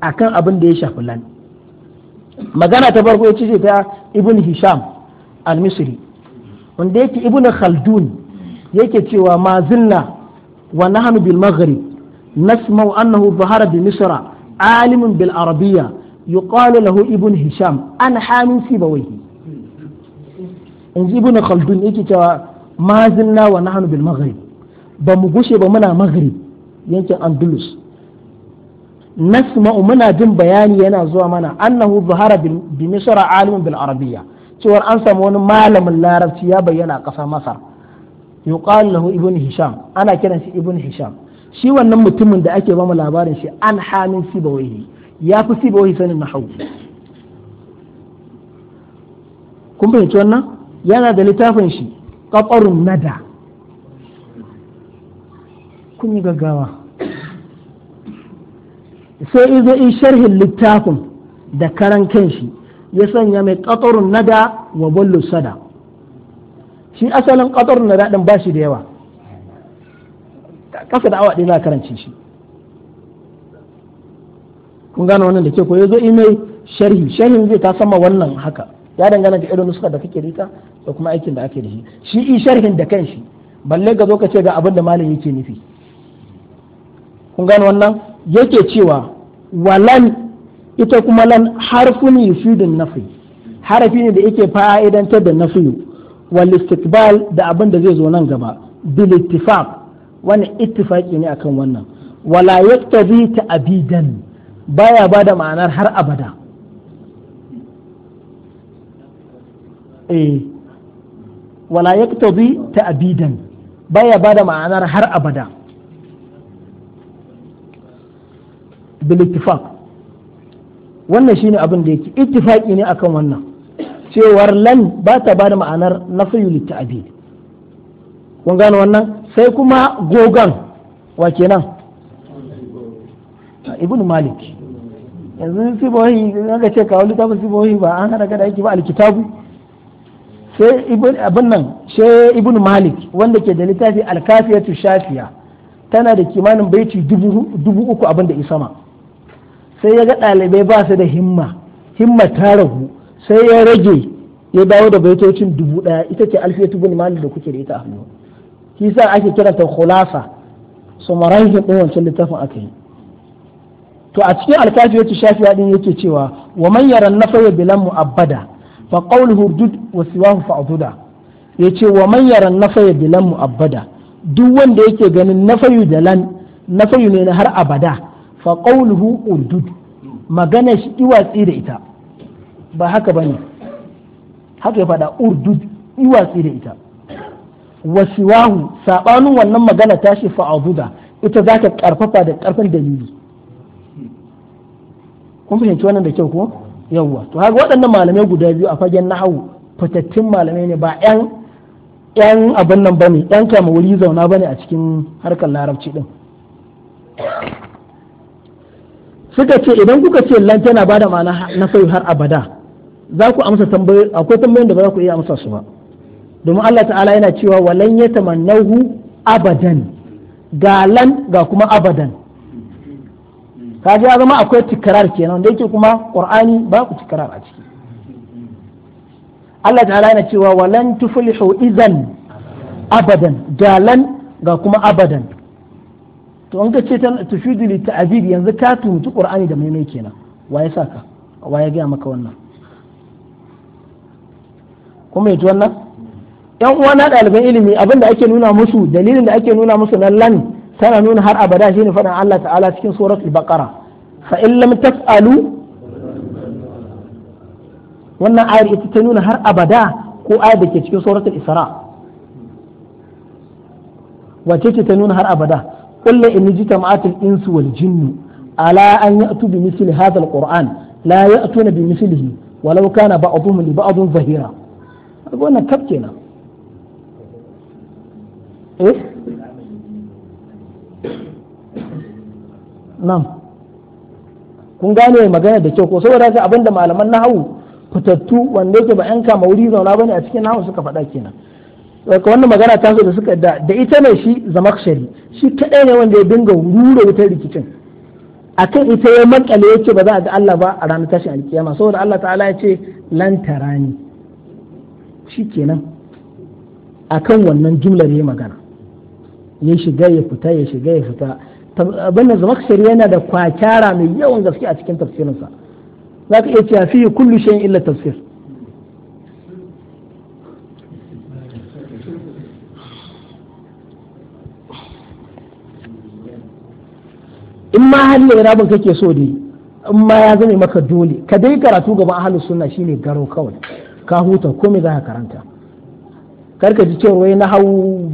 akan abin da ya shafi lan magana ta farko ce ta ibn hisham al-misri wanda yake ibn khaldun yake cewa Mazinna zinna wa nahnu bil maghrib nasma'u annahu dhahara bi misra alimun lahu ibn hisham an hamin sibawayhi in ji ibn khaldun yake cewa ma wa nahnu bil maghrib ba mu gushe ba muna maghrib yankin andalus nasma'u muna jin bayani yana zuwa mana annahu dhahara bi misra alimun bil cewar an samu wani malamin larabci ya bayyana a ƙasar masar yuqal lahu ibn hisham ana kiran shi ibn hisham shi wannan mutumin da ake bamu labarin shi an hamin sibawaihi ya fi sibawaihi sanin nahwu kun fahimci wannan yana da littafin shi qatarun nada kun yi gaggawa sai izo in sharhin littafin da karan kanshi ya sanya mai ƙatorin nada wa bollo sada shi asalin ƙatorin nada ɗin ba shi da yawa kasa da awa ɗaya na karance shi kun gano wannan da ke ko zo ime sharhi sharhin zai ta sama wannan haka ya dangana da irin nuska da kake rita da kuma aikin da ake da shi shi i sharhin da kan shi balle ga zo ka ce ga abin da malam yake nufi kun gano wannan yake cewa walan ita kuma lan harfun yufidun nafi harafi ne da yake fa'idantar da nafi wal istiqbal da abin da zai zo nan gaba bil ittifaq wani ittifaqi ne akan wannan wala yaktabi ta'bidan baya bada ma'anar har abada eh wala yaktabi ta'bidan baya bada ma'anar har abada bil ittifaq wannan shine abin da yake ittifaqi ne akan wannan cewar lan ba ta ba da ma'anar nafiyu litta'abi kun gane wannan sai kuma gogon wa kenan ah, ibn malik yanzu sibohi aka ce kawo littafin sibohi ba an hada gada yake ba alkitabu sai ibn abin nan sai ibn malik wanda ke da littafi alkafiyatu shafiya tana da kimanin baiti dubu uku abin da isama sai ya ga ɗalibai ba su da himma himma ta ragu sai ya rage ya dawo da baitocin dubu ɗaya ita ce alfiyatu bin da kuke da ita a hannu kisa ake kiranta khulasa marahin ɗin wancan littafin aka yi to a cikin shafi shafiya ɗin yake cewa wa man na nafaya bilan mu'abbada fa qawluhu dud wa siwahu fa'duda yace wa man na nafaya bilan mu'abbada duk wanda yake ganin nafayu da lan nafayu ne na har abada fa qawluhu urdud magana shi iwatsi da ita ba haka bane haka ya fada urdud iwatsi da ita wasiwahu sabanin wannan magana tashi fa abuda ita za karfafa da karfin dalili kun fahimci wannan da kyau ko yawwa to haka waɗannan malamai guda biyu a fagen nahawu fitattun malamai ne ba yan yan abin nan bane yan kama wuri zauna bane a cikin harkar larabci din suka ce idan kuka ce lan tana bada ma'ana na sai har abada za ku amsa tambayoyi akwai tambayoyin da ba za ku iya amsa su ba domin Allah ta'ala yana cewa walan yatamannahu abadan ga lan ga kuma abadan ka ji zama akwai tikrar kenan da yake kuma qur'ani ku tikrar a ciki Allah ta'ala yana cewa walan tuflihu idan abadan galan ga kuma abadan to an ka ce ta tufidu li ta'zib yanzu ka tuntu qur'ani da maimai kenan wa ya saka wa ya gaya maka wannan kuma yaji wannan yan uwa na ɗaliban ilimi abinda ake nuna musu dalilin da ake nuna musu nan lan tana nuna har abada shine faɗin Allah ta'ala cikin suratul baqara fa in lam taf'alu wannan ayar ita ta nuna har abada ko ayar da ke cikin suratul isra wace ce ta nuna har abada قل إن اجتمعت الإنس والجن على أن يأتوا بمثل هذا القرآن لا يأتون بمثله ولو كان بعضهم لبعض ظهيرا أقول أنا كبتنا إيه نعم kun gane magana da kyau ko saboda haka abinda malaman nahawu fitattu wanda yake ba 'yan kama wuri zauna bane a cikin nahawu suka faɗa kenan daga wannan magana ta zo da suka da da ita ne shi zamakshari shi kadai ne wanda ya dinga rura wutar rikicin akan ita ya makale yace ba za a ga Allah ba a ranar tashin alkiyama saboda Allah ta'ala ya ce lan tarani shikenan akan wannan jumlar ya magana ya shiga ya fita ya shiga ya fita abin da zamakshari yana da kwakyara mai yawan gaske a cikin tafsirinsa za ka iya cewa fiye kullu shay'in illa tafsir in ma halin irabin kake so dai in ma ya zame maka dole ka dai karatu gaban ahlus sunna shine garo kawai ka huta me za ka karanta karka ji cewa wai na hau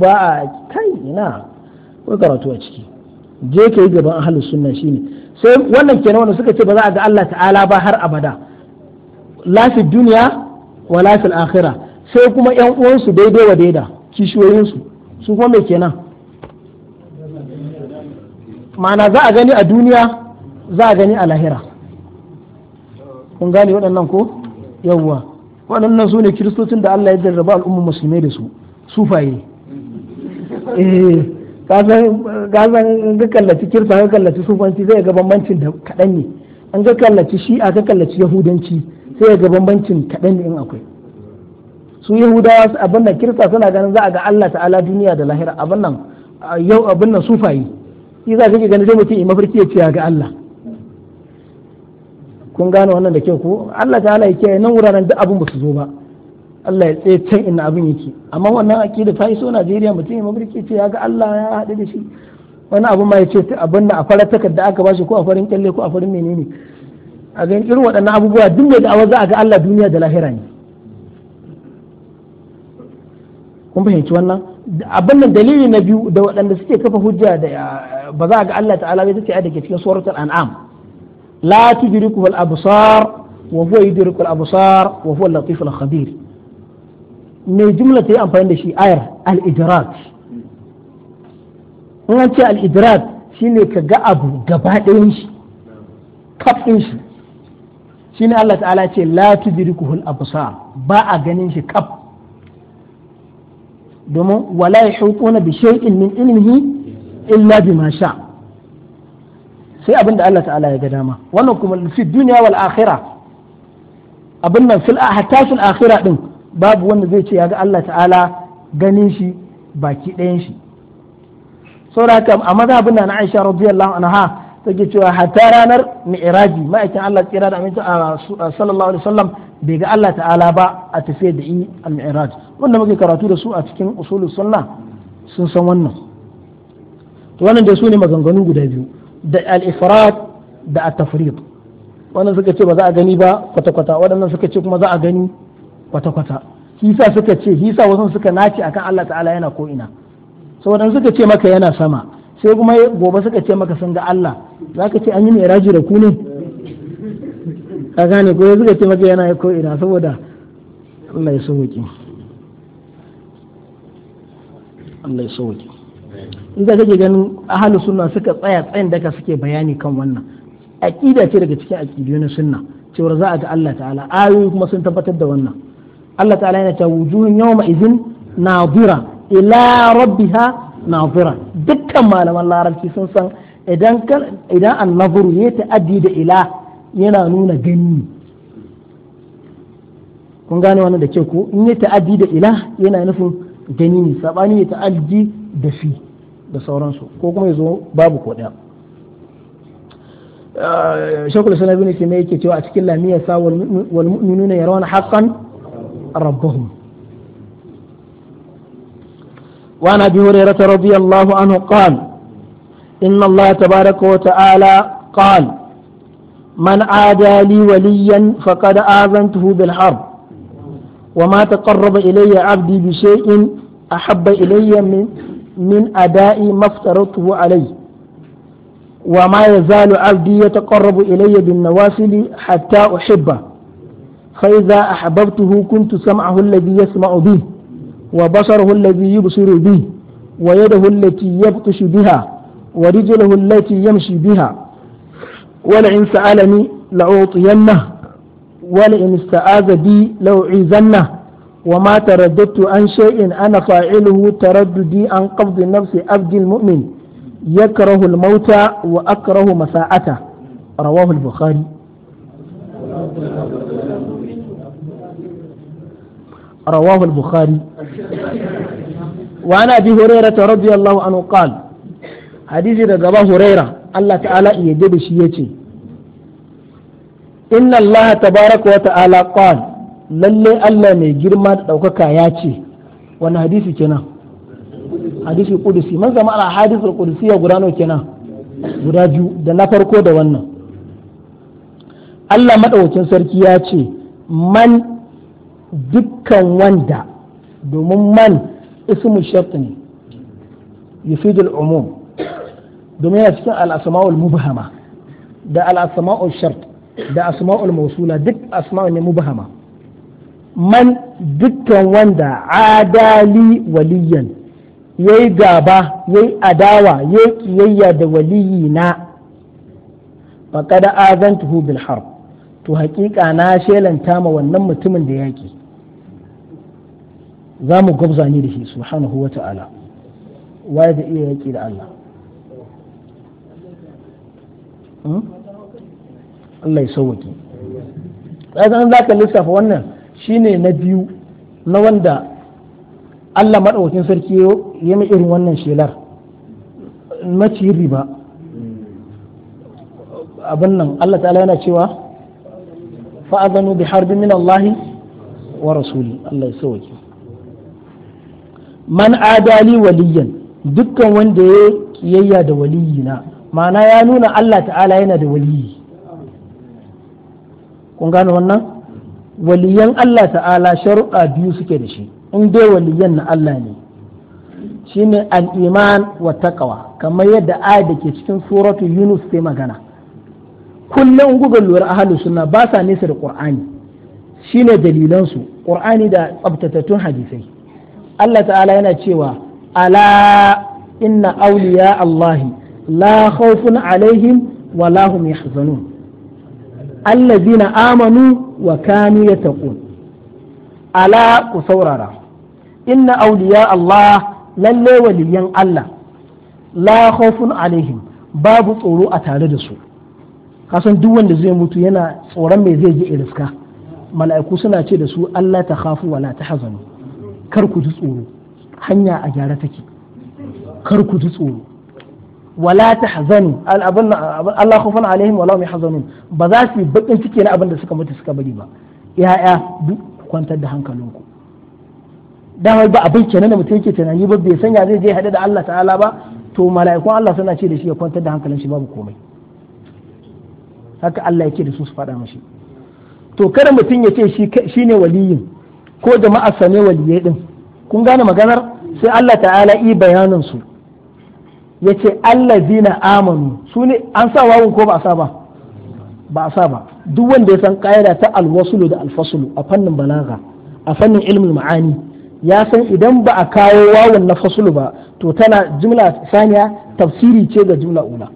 ba a kai ina wai karatu a ciki je ka yi gaban ahlus sunna shine sai wannan kenan wanda suka ce ba za a ga Allah ta'ala ba har abada la fi duniya wa la fil akhirah sai kuma yan uwansu daidai wa daida kishiyoyinsu su kuma me kenan ma'ana za a gani a duniya za a gani a lahira kun gane waɗannan ko yawwa waɗannan su ne kiristocin da Allah ya jarraba al'ummar musulmai da su sufaye eh kasan ga kallaci kirsa ga kallaci sufanci zai ga bambancin da kaɗan ne an ga kallaci shi'a ga kallaci yahudanci sai ga bambancin kaɗan ne in akwai su yahudawa abin nan kirsa suna ganin za a ga Allah ta'ala duniya da lahira abin nan yau abin nan sufaye shi za ka gani dai mutum yi mafarki ya ciya ga Allah kun gane wannan da kyau ko Allah ta'ala ya kiyaye nan wuraren duk abin ba su zo ba Allah ya tsaye can inna abin yake amma wannan akida ta iso Najeriya mutum yi mafarki ya ciya ga Allah ya haɗu da shi wani abu ma ya ce abin da a farar takarda aka bashi ko a farin kyalle ko a farin menene a ga irin waɗannan abubuwa duk mai da'awar za a ga Allah duniya da lahira ne kun fahimci wannan abin nan dalili na biyu da waɗanda suke kafa hujja da eh, ba za ga Allah ta'ala bai tace a ke cikin suratul an'am la tudriku al absar wa huwa yudriku al absar wa huwa latif al khabir me jumla ta yi amfani da shi ayar al idrak in an ce al idrak shine ka ga abu gaba ɗayan shi kaf ɗin shi shine Allah ta'ala ce la tudriku al absar ba a ganin shi kaf domin wala ya shauko na shay'in min ilmihi illa ma sha sai abin da Allah ta'ala ya ga dama wannan kuma fi duniya wal akhirah abin nan fil hatta fil akhirah din babu wanda zai ce ya ga Allah ta'ala ganin shi baki ɗayan shi saboda a mazhabin na Aisha radiyallahu anha take cewa hatta ranar mi'raji ma'aikin Allah tsira da aminci sallallahu alaihi wasallam bai ga Allah ta'ala ba a tafiya da yi al-mi'raj wanda muke karatu da su a cikin usulus sunna sun san wannan to wannan da su ne maganganu guda biyu da al ifrad da at-tafrid wannan suka ce ba za a gani ba kwata-kwata waɗannan suka ce kuma za a gani kwata-kwata hisa suka ce hisa wasan suka nace akan Allah ta'ala yana ko ina saboda suka ce maka yana sama sai kuma gobe suka ce maka sun ga Allah zaka ce an yi mai da ku ne ka gane ko yanzu ka ce maka yana ko ina saboda Allah ya sauki Allah ya sauki ka kake ganin ahalu sunna suka tsaya tsayin daka suke bayani kan wannan aqida ce daga cikin aqidu na sunna cewa za a ga Allah ta'ala ayoyi kuma sun tabbatar da wannan Allah ta'ala yana ta wujuhun yawma izin nadira ila rabbiha nadira dukkan malaman larabci sun san idan idan annaburu ya ta'addi da ila yana nuna gani kun gane wannan da kyau ko in ya ta'addi da ila yana nufin gani ne sabani ya ta'addi da fi da sauransu ko kuma ya zo babu ko ɗaya ah, shakul sana bin sai yake cewa a cikin lamiyar sa wal mu'minuna yarawna haqqan rabbahum وعن ta هريره رضي الله عنه inna ان الله تبارك Ta'ala قال من عادى لي وليا فقد آذنته بالحرب وما تقرب إلي عبدي بشيء أحب إلي من من أداء ما افترضته عليه وما يزال عبدي يتقرب إلي بالنوافل حتى أحبه فإذا أحببته كنت سمعه الذي يسمع به وبصره الذي يبصر به ويده التي يبطش بها ورجله التي يمشي بها wala in sa'alani la'utiyanna wala in ista'aza bi la'u'izanna wa ma taraddadtu an shay'in ana fa'iluhu taraddudi an qabdi nafsi abdi mu'min yakrahu al-mauta wa akrahu masa'ata rawahu al-bukhari رواه البخاري وعن ابي هريره رضي الله عنه قال حديث ابا هريره Allah ta'ala iya yadda da shi ya ce inna Allah tabaraka wa ta'ala qal lalle Allah mai girma da ɗaukaka ya ce wani hadisi kenan hadisi kudusi man zama ala hadisul kudusi ya gurano kenan guda biyu da na farko da wannan Allah maɗaukin sarki ya ce man dukkan wanda domin man ismu shart ne yufidul umum domin yana cikin al'asma'ul mubahama da al'asma'ul shart da asma'ul mausula duk asma'ul ne mubahama man dukkan wanda adali waliyan yayi gaba yayi adawa yayi kiyayya da waliyi na faqad azantuhu bil harb to haƙiƙa na shelanta ma wannan mutumin da yaƙi za mu gwabza ni da shi subhanahu wa ta'ala waye da iya yaƙi da Allah Hmm? Allah ya sauwake ɗazan za ka lissafa wannan shine na biyu na wanda Allah maɗaukakin sarki ya mai irin wannan shelar maci riba abin nan Allah ta'ala yana cewa fa'azanu bi harbin min Allahi wa rasuli Allah ya sauwake man adali waliyan dukkan wanda ya kiyayya da waliyina ma'ana ya nuna Allah ta'ala yana da waliyi kun gano wannan waliyan Allah ta'ala sharuɗa biyu suke da shi in dai waliyan na Allah ne shi al al’iman wa taqwa kamar yadda aya da ke cikin suratu yunus ta magana kullum gugun lura halin suna ba sa nesa da ƙur'ani. Shi ne dalilansu ƙur'ani da tsabtatattun hadisai Allah ta'ala yana cewa ala inna auliya Allahi la khawfun alaihim wa la hum yahzanun allazina amanu wa kanu yattaqun ala ku saurara inna ya Allah lalle waliyan Allah la khawfun alaihim babu tsoro a tare da su kasan duk wanda zai mutu yana tsoron mai zai je iriska mala'iku suna ce da su Allah ta khafu wala ta hazanu kar ku ji tsoro hanya a gyara take kar ku ji tsoro wala ta al abun Allah khufan alaihim wala hum yahzanun ba za su yi bakin ciki na abinda suka mutu suka bari ba ya'ya duk kwantar da hankalinku dama ba abin kenan da mutum yake tunani ba bai sanya zai je haɗe da Allah ta'ala ba to mala'ikun Allah suna ce da shi ya kwantar da hankalin shi babu komai haka Allah yake da su su faɗa mashi to kada mutum ya ce shi ne waliyin ko jama'arsa ne waliyai din kun gane maganar sai Allah ta'ala i bayanin su yace allazina amanu su ne an sa wawun ko ba a sa ba ba a sa ba duk wanda ya san ƙa'ida ta alwasulu da alfasulu a fannin balaga a fannin ilmin ma'ani ya san idan ba a kawo wawun na fasulu ba to tana jumla saniya tafsiri ce ga jumla ula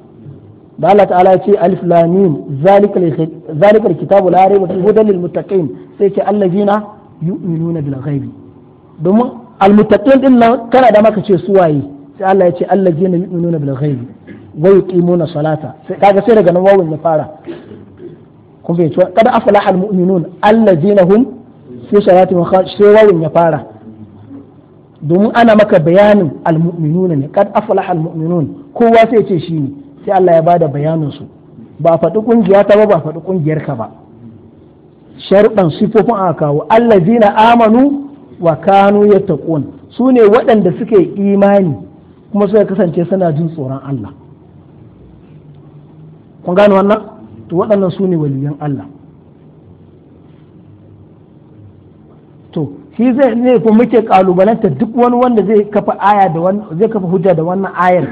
da Allah ta'ala ya ce alif lam mim zalikal kitabu la hudan lil muttaqin sai ce allazina yu'minuna bil ghaibi domin al muttaqin din nan kana da maka ce waye. sai Allah ya ce Allah allazina yu'minuna bil ghaibi wa yuqimuna salata sai kaga sai daga nan wawun ya fara kun bai cewa kada aflaha al mu'minun allazina hum fi salatihim khashi'un sai wawun ya fara domin ana maka bayanin al mu'minuna ne kad aflaha al mu'minun kowa sai ce shi ne sai Allah ya bada bayanin su ba faɗi kungiya ta ba ba faɗi kungiyar ka ba sharuɗan sifofin aka kawo allazina amanu wa kanu yattaqun su ne waɗanda suke imani kuma suka kasance suna jin tsoron Allah kun gane wannan to waɗannan su ne waliyan Allah to shi zai ne ko muke kalubalanta duk wani wanda zai kafa aya da wani zai kafa hujja da wannan ayar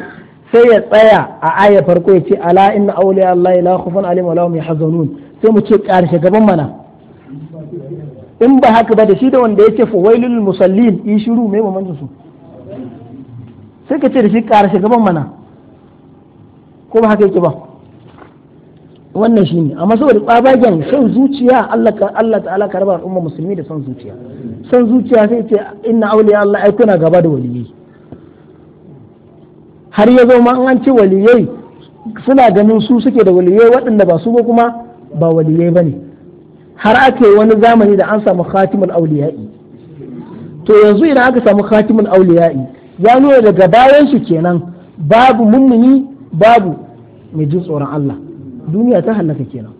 sai ya tsaya a ayar farko ya ce ala inna awliya Allah la khufun alim wa la yahzanun sai mu ce karshe gaban mana in ba haka ba da shi da wanda yake fa wailul musallin ishiru mai bambanci su sai ka ce da shi ƙara shugaban mana ko ba haka yake ba wannan shi ne amma saboda ɓabagen son zuciya Allah ta'ala ka raba al'umma musulmi da son zuciya son zuciya sai ce inna auliya Allah ai kuna gaba da waliyai har ya zo ma an ce waliyai suna ganin su suke da waliyai waɗanda ba su ba kuma ba waliyai ba ne har ake wani zamani da an samu khatimul auliya'i to yanzu idan aka samu khatimul auliya'i ya nuna daga bayan shi kenan babu mummuni babu mai jin tsoron Allah duniya ta hallaka kenan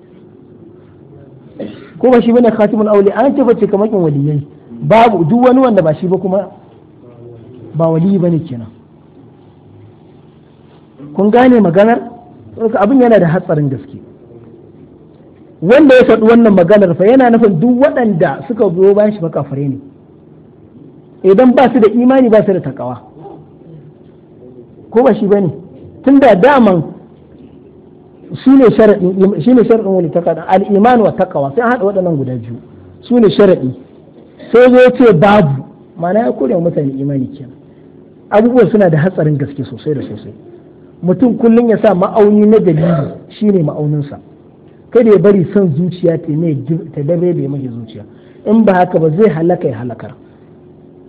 ko ba shi bane khatimul auli an ce bace kamar kin waliyai babu duk wani wanda ba shi ba kuma ba wali bane kenan kun gane maganar abin yana da hatsarin gaske wanda ya faɗi wannan maganar fa yana nufin duk waɗanda suka zo bayan shi makafare ne idan ba su da imani ba su da takawa ko ba shi bane da daman shine ne sharaɗin wani takaɗa al wa takawa sai haɗa waɗannan guda biyu su ne sharaɗi sai zo ce babu ma'ana ya kore mutane imani kenan abubuwa suna da hatsarin gaske sosai da sosai mutum kullum ya sa ma'auni na dalili ne ma'auninsa kada ya bari son zuciya ta ne ta dabe bai zuciya in ba haka ba zai halaka ya halakar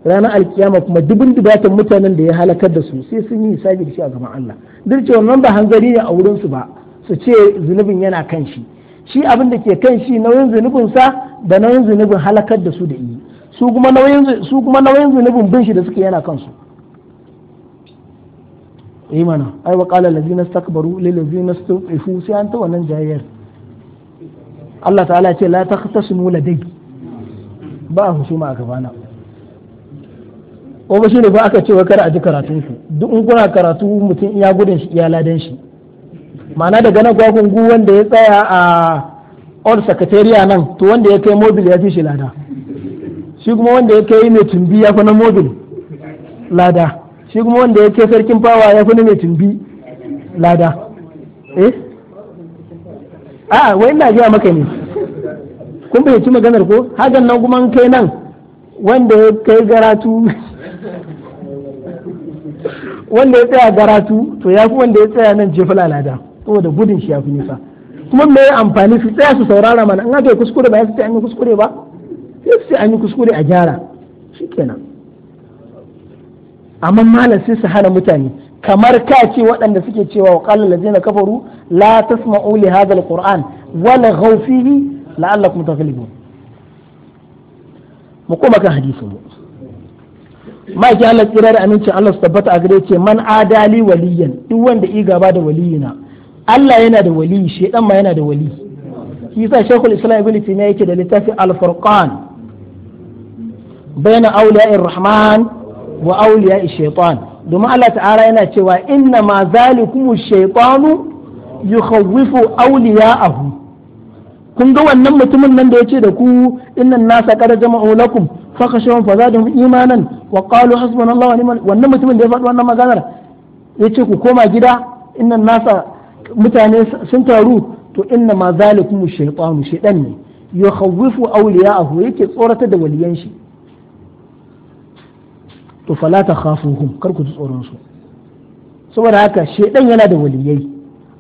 ranar alkiyama kuma dubin dubatan mutanen da ya halakar da su sai sun yi hisabi da shi a gaban Allah duk cewa nan ba hanzari ne a wurin su ba su ce zunubin yana kan shi shi abin da ke kan shi nauyin zunubin sa da nauyin zunubin halakar da su da yi su kuma nauyin su kuma nauyin zunubin bin shi da suke yana kan su. Imana eh ai wa qala allazina istakbaru lil ladzina istufu sai an ta wannan jayyar Allah ta'ala ce la takhtasimu ladai ba husuma a gabana ko ba shi ne ba aka ce wai kada a ji karatun su duk in kuna karatu mutum ya gudun shi iyala dan shi ma'ana daga nan gwakon gu wanda ya tsaya a old secretariat nan to wanda ya kai mobil ya fi shi lada shi kuma wanda ya kai mai tumbi ya fi na mobil lada shi kuma wanda ya kai sarkin fawa ya fi na mai tumbi lada eh a wai ina gaya maka ne kun bai ci maganar ko hakan nan kuma kai nan wanda ya kai garatu wanda ya tsaya garatu to ya fi wanda ya tsaya nan jefa lalada saboda gudun shi ya fi nisa kuma me yi amfani su tsaya su saurara mana an haka kuskure ba ya fi yi kuskure ba sai su yi kuskure a gyara shikenan amma malam sai su hana mutane kamar ka ce waɗanda suke cewa wa qala allazina kafaru la tasma'u li hadha alquran wa la la'allakum taghlibun mu koma kan hadisin mu ma ki Allah tsira da amincin Allah su tabbata a gare ce man adali waliyan duk wanda i gaba da waliyina Allah yana da wali shedan ma yana da wali shi yasa Sheikhul Islam Ibn Taymiyyah yake da littafi Al-Furqan bayna awliya'ir rahman wa awliya'ish shaytan domin Allah ta'ala yana cewa inna ma zalikumush shaytanu yukhawwifu awliya'ahu kun ga wannan mutumin nan da yace da ku innan nasa qad jama'u lakum fakhashawhum fazadahum imanan wa qalu hasbunallahu wa ni'mal wannan mutumin da ya faɗi wannan maganar yace ku koma gida innan nasa mutane sun taru to inna ma zalikum shaytanu shaytan ne yukhawwifu awliya'ahu yake tsorata da waliyan shi to fala takhafuhum kar ku tsoron su saboda haka shaytan yana da waliyai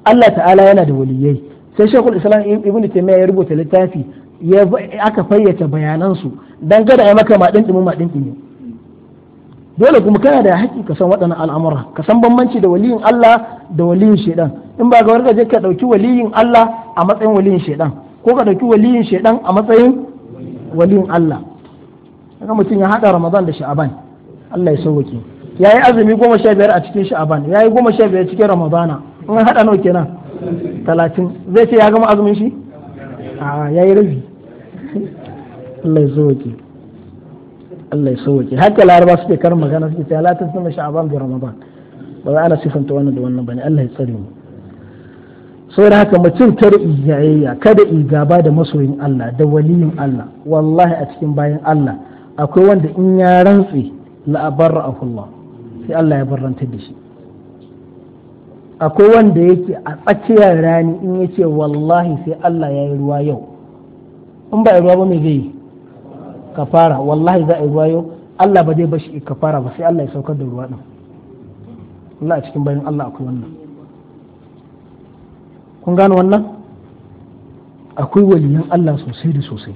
Allah ta'ala yana da waliyai sai shekul islam ibn taymiya ya rubuta littafi ya aka fayyace bayanan su dan gada ya maka madin dimi madin dimi dole kuma kana da haƙi ka san waɗannan al'amura ka san bambanci da waliyin Allah da waliyin shaidan in ba ga warka je ka ɗauki waliyin Allah a matsayin waliyin shaidan ko ka ɗauki waliyin shaidan a matsayin waliyin Allah kaga mutum ya haɗa Ramadan da Sha'aban Allah ya ya yayi azumi goma sha biyar a cikin Sha'aban yayi goma sha biyar cikin Ramadana in haɗa nawa kenan talatin zai ce ya gama azumin shi a ya yi rabi Allah ya sauke Allah ya sauke haka laraba suke karin magana suke cewa la tasma sha'ban da ramadan ba za ana sifanta wannan da wannan bane Allah ya tsare mu da haka mutum kada iyayya kada gaba da masoyin Allah da waliyin Allah wallahi a cikin bayan Allah akwai wanda in ya rantsi la a Allah sai Allah ya barranta da shi akwai wanda yake a tsakiyar rani in yake wallahi sai Allah ya yi ruwa yau in ba ruwa ba me zai yi kafara wallahi za a yi ruwa yau Allah ba zai bashi kafara ba sai Allah ya saukar da ruwa din Allah a cikin bayan Allah akwai wannan kun gano wannan akwai waliyan Allah sosai da sosai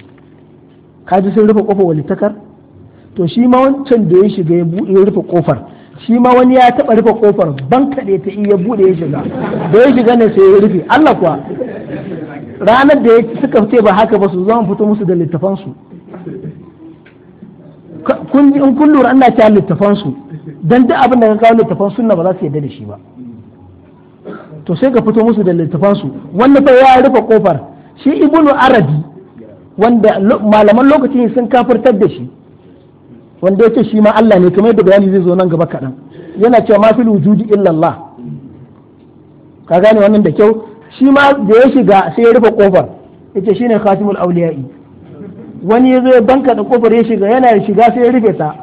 kaji sun rufe kofar walitakar to shi ma wancan da ya shiga ya rufe kofar shi ma wani ya taɓa rufe ƙofar banka ɗaya ta iya buɗe ya shiga da ya shiga ne sai ya rufe Allah kuwa ranar da suka ce ba haka ba su zama fito musu da littafansu in kun lura ana cewa littafansu don duk abin da ka kawo littafan sunna ba za su yadda da shi ba to sai ka fito musu da littafansu wani fa ya rufe ƙofar shi ibnu arabi wanda malaman lokacin sun kafirtar da shi wanda yake shi ma Allah ne kamar yadda bayani zai zo nan gaba kaɗan yana cewa ma fi wujudi illallah ka gane wannan da kyau shi ma da ya shiga sai ya rufe kofar yace shine khatimul awliya'i wani ya zo ya banka da kofar ya shiga yana shiga sai ya rufe ta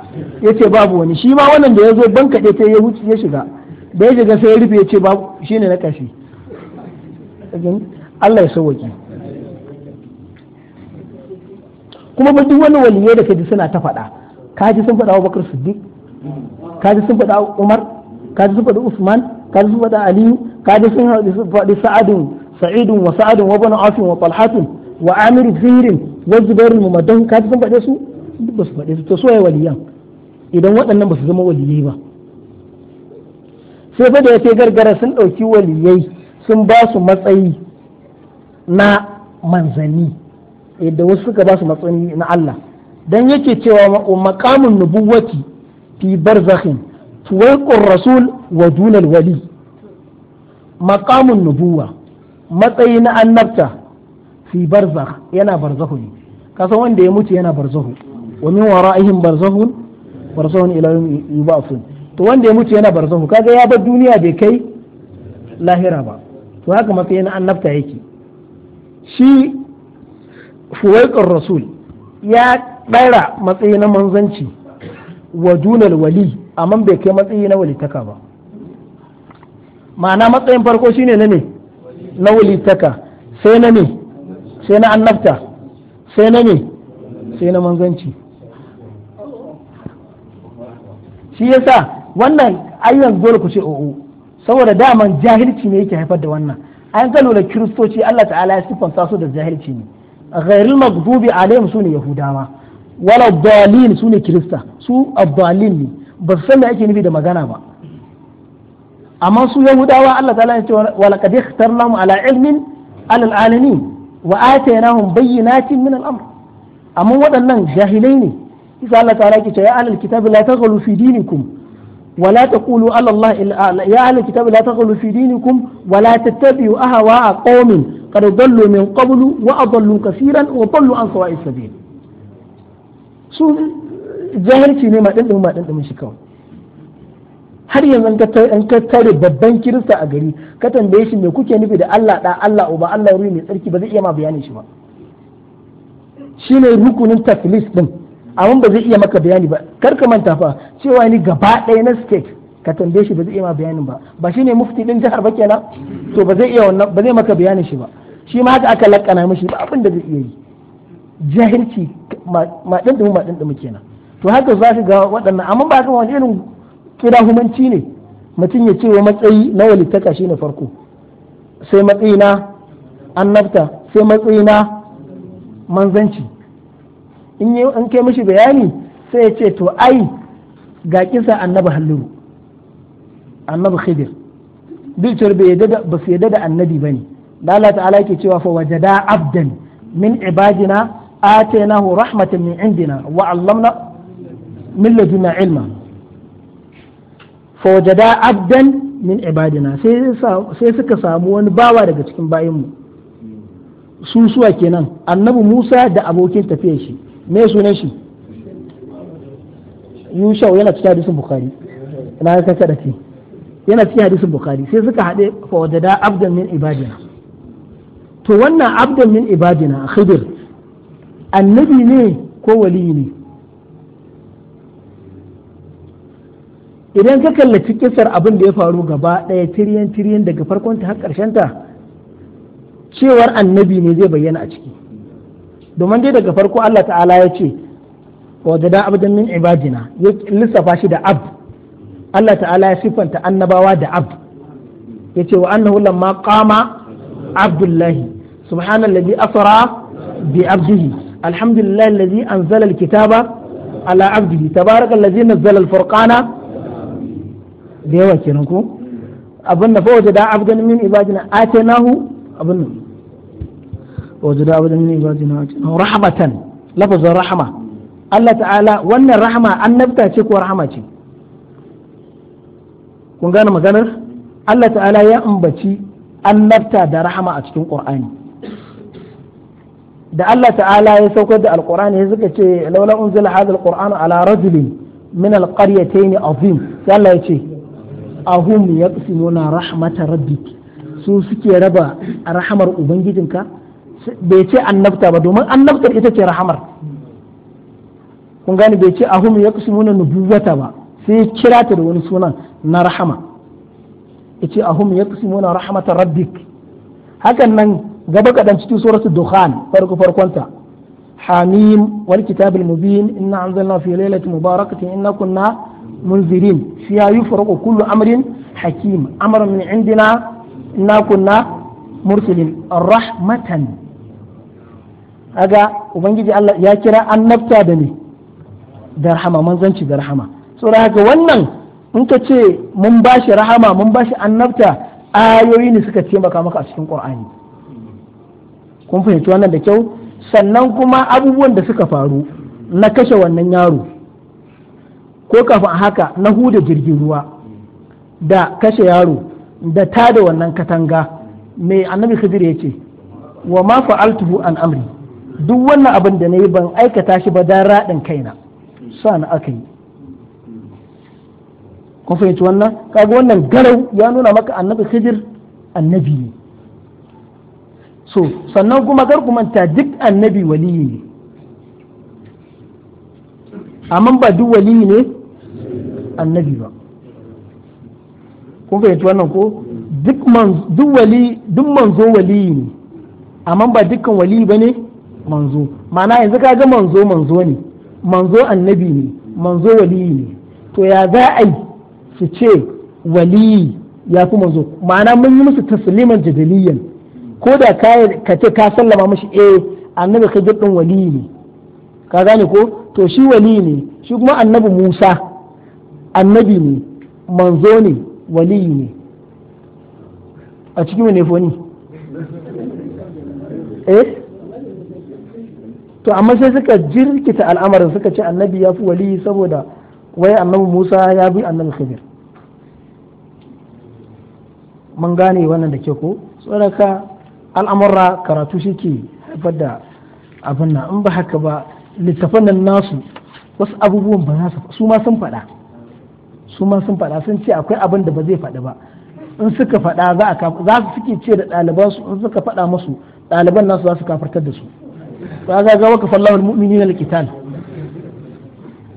yace babu wani shi ma wannan da ya zo banka da ta ya huce ya shiga da ya shiga sai ya rufe yace babu shine na kashi Allah ya sauwaki kuma ba duk wani waliyai da kaji suna ta faɗa kaji sun faɗa Abubakar Siddiq kaji sun faɗa Umar kaji sun faɗa Usman kaji sun faɗa Aliyu kaji sun faɗi Sa'adun Sa'idun wa Sa'adun wa Banu Asim wa Talhatun wa Amir Zirin wa Zubair madan kaji sun faɗe su duk ba su faɗe su to so ya waliyan idan waɗannan ba su zama waliyai ba sai fa da ya ce gargara sun ɗauki waliyai sun ba su matsayi na manzanni yadda wasu suka ba su matsayi na Allah dan yake cewa maqamun nubuwati fi barzakhin tuwaqur rasul wa dunal wali maqamun nubuwa matsayi na annabta fi barzakh yana barzakhu ne kasa wanda ya mutu yana barzakhu wa min wara'ihim barzakhun barzakhun ila yawmi yub'athun to wanda ya mutu yana barzakhu kaga ya bar duniya bai kai lahira ba to haka matsayi na annabta yake shi fuwaiqur rasul ya ɗaira matsayi na manzanci wa dunar wali amma bai kai matsayi na walitaka ba ma'ana matsayin farko shine na ne na walitaka sai na ne sai na annabta sai na ne sai na manzanci shi yasa wannan ayyan dole ku ce o'o saboda daman jahilci ne yake haifar da wannan an ga lura kiristoci Allah ta'ala ya siffanta su da jahilci ne ghairul maghdubi alaihim sune yahudawa wala dalil su ne kirista su abdalin ne ba su san me ake nufi da magana ba amma su yahudawa Allah ta'ala ya ce wala qad ikhtarnahum ala ilmin alal alamin wa atainahum bayyinatin min al-amr amma waɗannan jahilai ne isa Allah ta'ala yake ce ya alal kitabi la taghlu fi dinikum ولا Allah على الله إلا يا أهل الكتاب لا تغلوا في دينكم ولا تتبعوا أهواء قوم قد ضلوا من قبل وأضلوا wa وضلوا an سواء السبيل su jahilci ne ma ɗanɗin ma ɗanɗin shi kawai har yanzu an ka tare babban kirista a gari ka tambaye shi me kuke nufi da Allah da Allah uba Allah ruhi mai tsarki ba zai iya ma bayanin shi ba shine rukunin taflis din amma ba zai iya maka bayani ba kar ka manta fa cewa ni gaba ɗaya na state ka tambaye shi ba zai iya ma bayanin ba ba shine mufti din jihar ba kenan to ba zai iya wannan ba zai maka bayanin shi ba shi ma haka aka lakana mishi ba abin da zai iya yi jahilci ma maɗin ma dindimu kenan to haka za ka ga waɗannan amma ba ka wani irin kira humanci ne mutum ya ce wa matsayi na walittaka shine farko sai matsayi na annabta sai matsayi na manzanci in yi an kai mishi bayani sai ya ce to ai ga kisa annabi halluru annabi khidir duk ba su yadda da annabi ba ne lalata ala ta'ala yake cewa fa wajada abdan min ibadina آتيناه رحمة من عندنا وعلمنا من لدنا علما فوجدا عبدا من عبادنا sai suka samu wani bawa daga cikin bayinmu su suwa kenan annabi Musa da abokin tafiyar shi me sunan shi Yushau yana cikin hadisin Bukhari ina ka kada ce yana cikin hadisin Bukhari sai suka haɗe fawajada abdan min ibadina to wannan abdan min ibadina khidir annabi ne ko wali ne idan ka kallaci kisar abin da ya faru gaba ɗaya tiriyan tiriyan daga farkon ta har ƙarshen ta cewar annabi ne zai bayyana a ciki domin dai daga farko Allah ta'ala ya ce wa da abdan min ibadina ya lissafa shi da abd Allah ta'ala ya siffanta annabawa da abd ya ce wa annahu lamma qama abdullahi subhanallazi asra bi abdihi alhamdulillah allazi anzala alkitaba ala abdihi tabaraka allazi nazzala alfurqana da yawa kenan ko abin da fawaje da abdan min ibadina atainahu abin nan fawaje da abdan min ibadina atainahu rahmatan lafazin rahma Allah ta'ala wannan rahma annabta ce ko rahama ce kun gane maganar Allah ta'ala ya ambaci annabta da rahama a cikin Qur'ani da Allah ta'ala ya saukar da alqur'ani ya suka ce laula unzila hadha alqur'anu ala rajulin min alqaryatayn azim sai Allah ya ce ahum yaqsimuna rahmata rabbik su suke raba rahamar ubangijinka bai ce annabta ba domin annabtar ita ce rahamar kun gane bai ce ahum yaqsimuna nubuwata ba sai kira ta da wani sunan na rahama yace ahum yaqsimuna rahmatar rabbik hakan nan gaba kaɗan cikin suratul dukhan farko farkonta hamim wal kitabil mubin inna anzalna fi lailatin mubarakatin inna kunna munzirin fiha yufraqu kullu amrin hakim amrun min indina inna kunna mursalin rahmatan aga ubangiji Allah ya kira annabta da ne da rahama manzanci da rahama saboda haka wannan in ka ce mun bashi rahama mun bashi annabta ayoyi ne suka taimaka maka a cikin qur'ani kun fahimci wannan da kyau sannan kuma abubuwan da suka faru na kashe wannan yaro ko kafin haka na huda jirgin ruwa da kashe yaro da tada wannan katanga mai annabi khidir ya ce wa ma fa'altuhu an amri duk wannan abin da na yi ban aikata shi ba dan raɗin kaina sa na aka yi kun fahimci wannan kaga wannan garau ya nuna maka annabi khidir annabi ne so sannan kuma kar manta duk annabi waliyi ne amma ba duk waliyi ne annabi ba kun fahimci wannan ko duk manzo waliyi ne amma ba dukkan waliyi ba ne manzo ma'ana yanzu ka ga manzo manzo ne manzo annabi ne manzo waliyi ne to ya za a yi su ce waliyi ya fi manzo ma'ana mun yi musu tasliman jadaliyan ko da ka ce ka sallama mashi eh annabi ji din wali ne ka gane ko to shi wali ne shi kuma annabi musa annabi ne manzo ne wali ne a cikin ne foni eh to amma sai suka jirkita al'amarin suka ce annabi ya fi wali saboda wai annabi musa ya bi annabi khidir mun gane wannan da ke ko tsoraka al'amurra karatu shi ke haifar da abin nan in ba haka ba littafan nan nasu wasu abubuwan ba nasu su ma sun faɗa su ma sun faɗa sun ce akwai abin da ba zai faɗi ba in suka faɗa za su suke ce da ɗaliban su in suka faɗa musu ɗaliban nasu za su kafartar da su ba ga ga waka fallahu na likital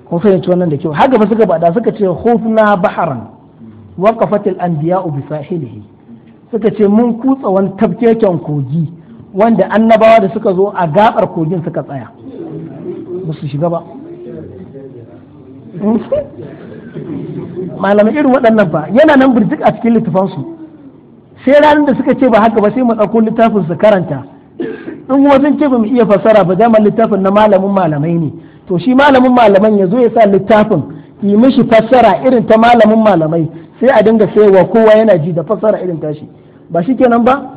kun ci wannan da kyau haka ba suka faɗa suka ce khufna baharan waqafat al-anbiya'u bi sahilihi suka ce mun kutsa wani tafkeken kogi wanda annabawa da suka zo a gabar kogin suka tsaya ba su shiga ba hmm? malamai irin waɗannan ba yana nan birtik a cikin littafansu sai ranar da suka ce ba haka ba sai mu ɗauko littafin su karanta in kuma sun ce ba mu iya fasara ba dama littafin na malamin malamai ne to shi malamin malaman ya zo ya sa littafin yi mishi fassara irin ta malamin malamai sai a dinga sai kowa yana ji da fasara irin tashi ba shi kenan ba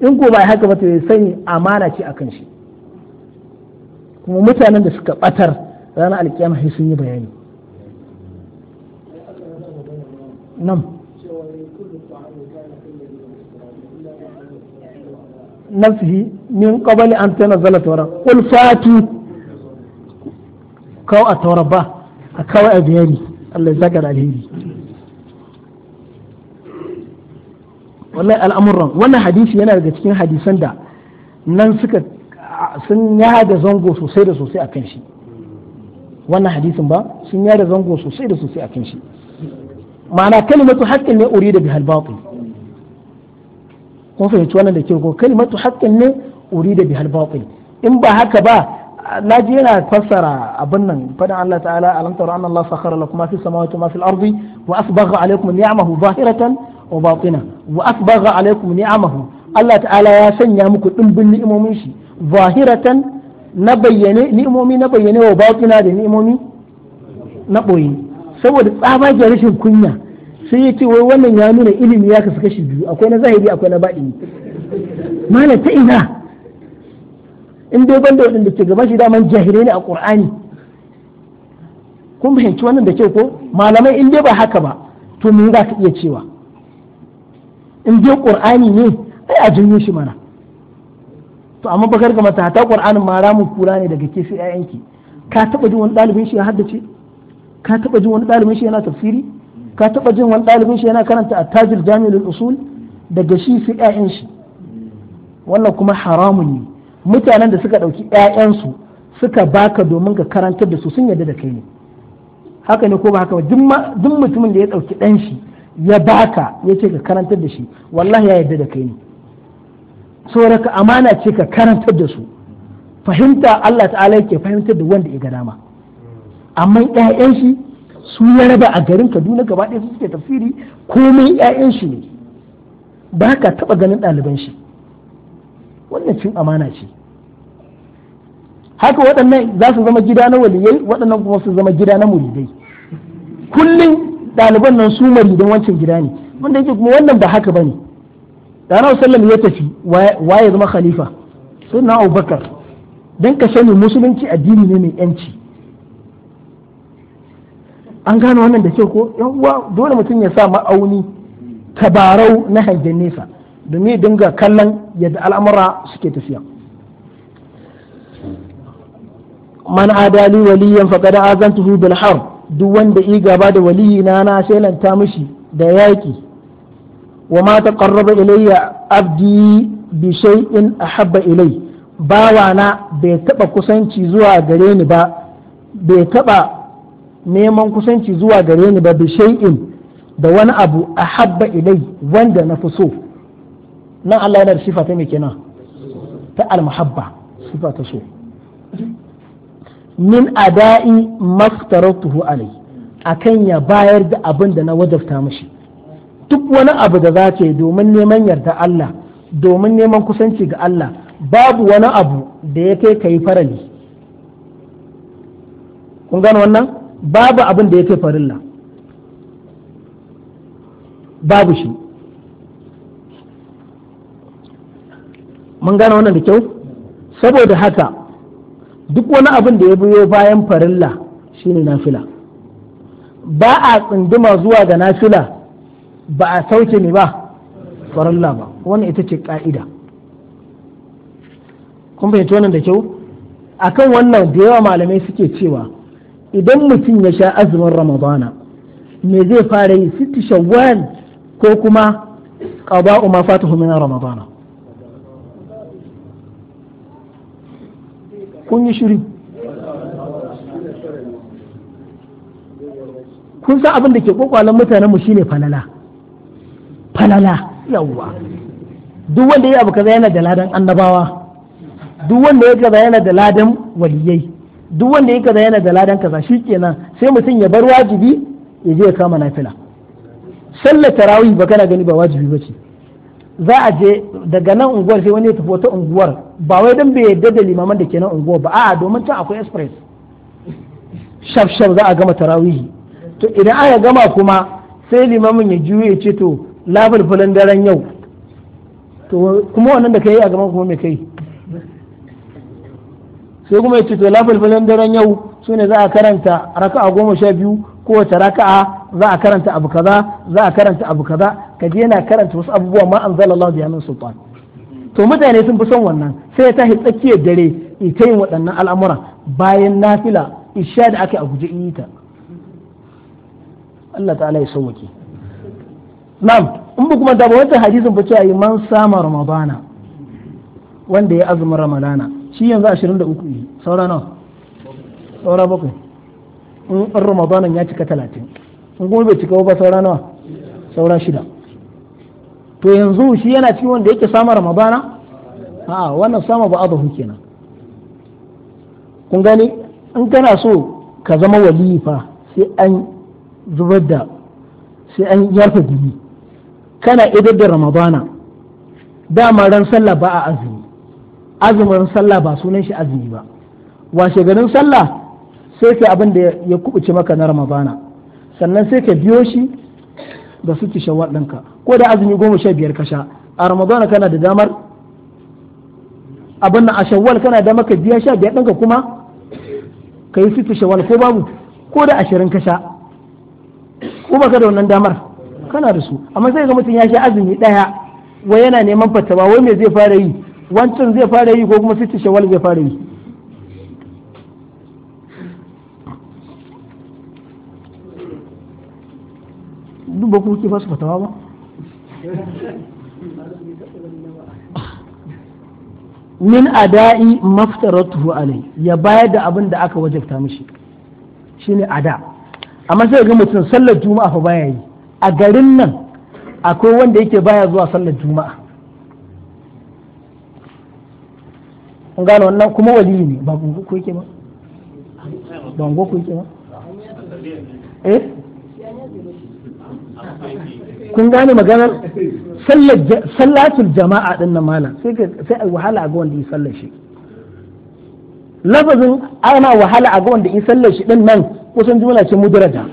in ko ba haka ba to ya sani amana ce akan shi kuma mutanen da suka batar ranar alkiyama sai sun yi bayani nan nafsihi min qabli an tanzala tawra qul fatu kaw a tawra ba a kawai a bayani Allah ya zaka da alheri wallahi al'amuran wannan hadisi yana daga cikin hadisan da nan suka sun yada zango sosai da sosai a kan shi wannan hadisin ba sun yada zango sosai da sosai a kan shi ma'ana kalimatu haƙƙin ne uri da bihal batil kun fahimci wannan da ke ko kalimatu haƙƙin ne uri da bihal batil in ba haka ba na ji yana fassara abin nan fadan Allah ta'ala alam tara anna Allah sakhara lakum ma fis samawati wa ma fil ardi wa asbagha alaykum ni'amahu zahiratan wa batina wa asbagha alaikum ni'amahu Allah ta'ala ya sanya muku dimbin ni'imomin shi zahiratan na bayyane ni'imomi na bayyane wa batina da ni'imomi na boye saboda tsabagen rashin kunya sai ya ce wai wannan ya nuna ilimi ya kasu kashi biyu akwai na zahiri akwai na baɗini malam ta ina in dai banda waɗanda ke gaban shi daman jahire ne a ƙur'ani kun fahimci wannan da ke ko malamai in dai ba haka ba to mun za ka iya cewa in je qur'ani ne ai a janyo shi mana to amma kar ga mata ta qur'anin ma ramu kura ne daga ke sai ƴaƴanki ka taba jin wani dalibin shi ya haddace ka taba jin wani dalibin shi yana tafsiri ka taba jin wani dalibin shi yana karanta at-tajir jami'ul usul daga shi sai yayan shi wannan kuma haramun ne mutanen da suka ɗauki 'ya'yansu suka baka domin ka karantar da su sun yarda da kai ne haka ne ko ba haka ba duk mutumin da ya ɗauki ɗan shi ya baka ya ce ka karantar da shi wallahi ya yarda da kai ne saboda amana ce ka karantar da su fahimta Allah ta'ala yake fahimtar da wanda ya ga dama amma ƴaƴan shi su ya raba a garin Kaduna gaba ɗaya suke tafsiri komai ƴaƴan shi ne ba ka taɓa ganin ɗaliban shi wannan cin amana ce haka waɗannan za su zama gida na waliyai waɗannan kuma su zama gida na muridai kullum ɗaliban nan su maridan wancan gida ne wanda yake kuma wannan ba haka bane da Annabi Sallam ya tafi waye zama khalifa sai na Abubakar dan ka sani musulunci addini ne mai yanci an gano wannan da kyau ko yan uwa dole mutum ya sa ma'auni tabarau na hangen nesa domin dinga kallon yadda al'amura suke tafiya man adali waliyan faqad azantuhu bil harb duk wanda yi gaba da waliyi na na shelanta mishi da yaƙi wa ma ƙarraba ilayya abdi bi shay'in ahabba ilay bawa na bai taba kusanci zuwa gare ni ba bai taba neman kusanci zuwa gare ni ba bi shay'in da wani abu ahabba ilay wanda na fi so nan Allah yana da sifa ta mai kenan ta al-muhabba sifa ta so min ada'i mastaratuhu alai akan ya bayar da abin da na wajabta mashi duk wani abu da za ka yi domin neman yarda Allah domin neman kusanci ga Allah babu wani abu da ya kai ka yi farali kun gano wannan babu abin da ya kai farilla babu shi mun gano wannan da kyau saboda haka duk wani abin da ya biyo bayan farilla shine nafila ba a tsinduma zuwa ga nafila ba a sauke ne ba farilla ba wani ita ce ka'ida kun fahimci wannan da kyau akan wannan da yawa malamai suke cewa idan mutum ya sha azumin ramadana me zai fara yi sitti ko kuma ƙaba'u ma fatahu min ramadana kun yi shiri kun san abin da ke kokwalan mutanen mu shine falala falala yawwa duk wanda ya abu kaza yana da ladan annabawa duk wanda ya kaza yana da ladan waliyai duk wanda ya kaza yana da ladan kaza shikenan sai mutum ya bar wajibi ya je ya kama nafila sallar tarawih ba kana gani ba wajibi bace za a je daga nan unguwar sai wani ya tafi wata unguwar ba wai don bai yadda da limaman da ke nan unguwar ba a'a domin can akwai express shaf shaf za a gama tarawihi to idan aka gama kuma sai limamin ya juye ya ce to labulfulan daren yau to kuma wannan da kai a gaban kuma mai kai sai kuma ya ce to labulfulan daren yau su ne za a karanta raka a goma sha biyu kowace raka'a za a karanta abu kaza za a karanta abu kaza ka je yana karanta wasu abubuwa ma anzalallahu bihi min sultan to mutane sun fi son wannan sai ya tashi tsakiyar dare ita yin waɗannan al'amura bayan nafila isha da aka yi a guje yi ta Allah ta'ala ya sauwake na'am in ba kuma daba wata hadisin ba cewa man sama ramadana wanda ya azumin ramadana shi yanzu 23 ne saura nawa saura bakwai in ramadanan ya cika talatin in kuma bai cika ba sauran nawa sauran shida to yanzu shi yana cikin wanda yake sama ramadana a wannan sama ba abu kenan kun gani in kana so ka zama walifa sai an zubar da sai an yarfa gumi kana idar da ramadana dama ran sallah ba a azumi azumin sallah ba sunan shi azumi ba washe garin sallah sai ka abin da ya kubuce maka na ramadana sannan sai ka biyo shi da su shawar ɗinka ko da azumi goma sha biyar ka sha a ramadana kana da damar abin a shawwal kana da maka biya sha biyar ɗinka kuma ka yi su shawar ko babu ko da ashirin ka sha ko baka da wannan damar kana da su amma sai ga mutum ya sha azumi ɗaya wai yana neman fatawa wai me zai fara yi wancan zai fara yi ko kuma su shawar zai fara yi ba ku ke fasu fatawa ba min ada'i maftaratuhu alai ya bayar da abin da aka wajabta mishi shine ada amma sai ga mutum sallar juma'a fa baya yi a garin nan akwai wanda yake baya zuwa sallar juma'a kun gano wannan kuma wali ne ba gungo ko yake ba ba gungo ko yake ba eh kun gane maganar sallatul jama'a din nan malam sai sai ai wahala ga wanda yi sallar shi lafazin ana wahala a ga wanda yi sallar shi din nan kusan jumla ce mudraja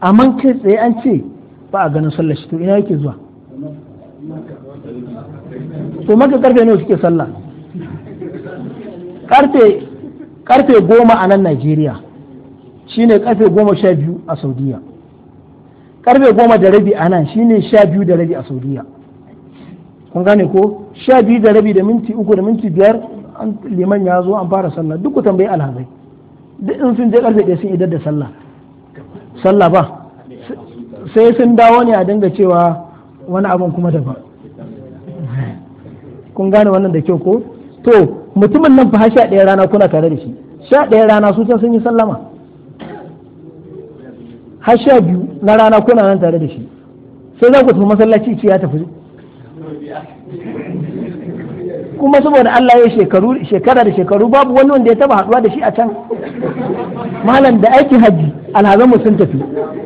amma kai tsaye an ce ba a ganin sallar shi to ina yake zuwa to maka karfe ne suke sallah karfe karfe goma a nan Najeriya shine karfe goma sha biyu a Saudiya karfe goma da rabi a nan shine sha biyu da rabi a saudiya kun gane ko sha biyu da rabi da minti uku da minti biyar liman ya zo an fara sallah duk ku tambayi alhazai duk in sun je karfe ɗaya sun idar da sallah sallah ba sai sun dawo ne a dinga cewa wani abin kuma ba kun gane wannan da kyau ko to mutumin nan fa sha ɗaya rana kuna tare da shi sha ɗaya rana su sun yi sallama har sha biyu na rana kuna nan tare da shi sai za ku tafi masallaci ce ya tafi kuma saboda Allah ya shekaru shekara da shekaru babu wani wanda ya taba haduwa da shi a can malam da aikin hajji alhazan mu sun tafi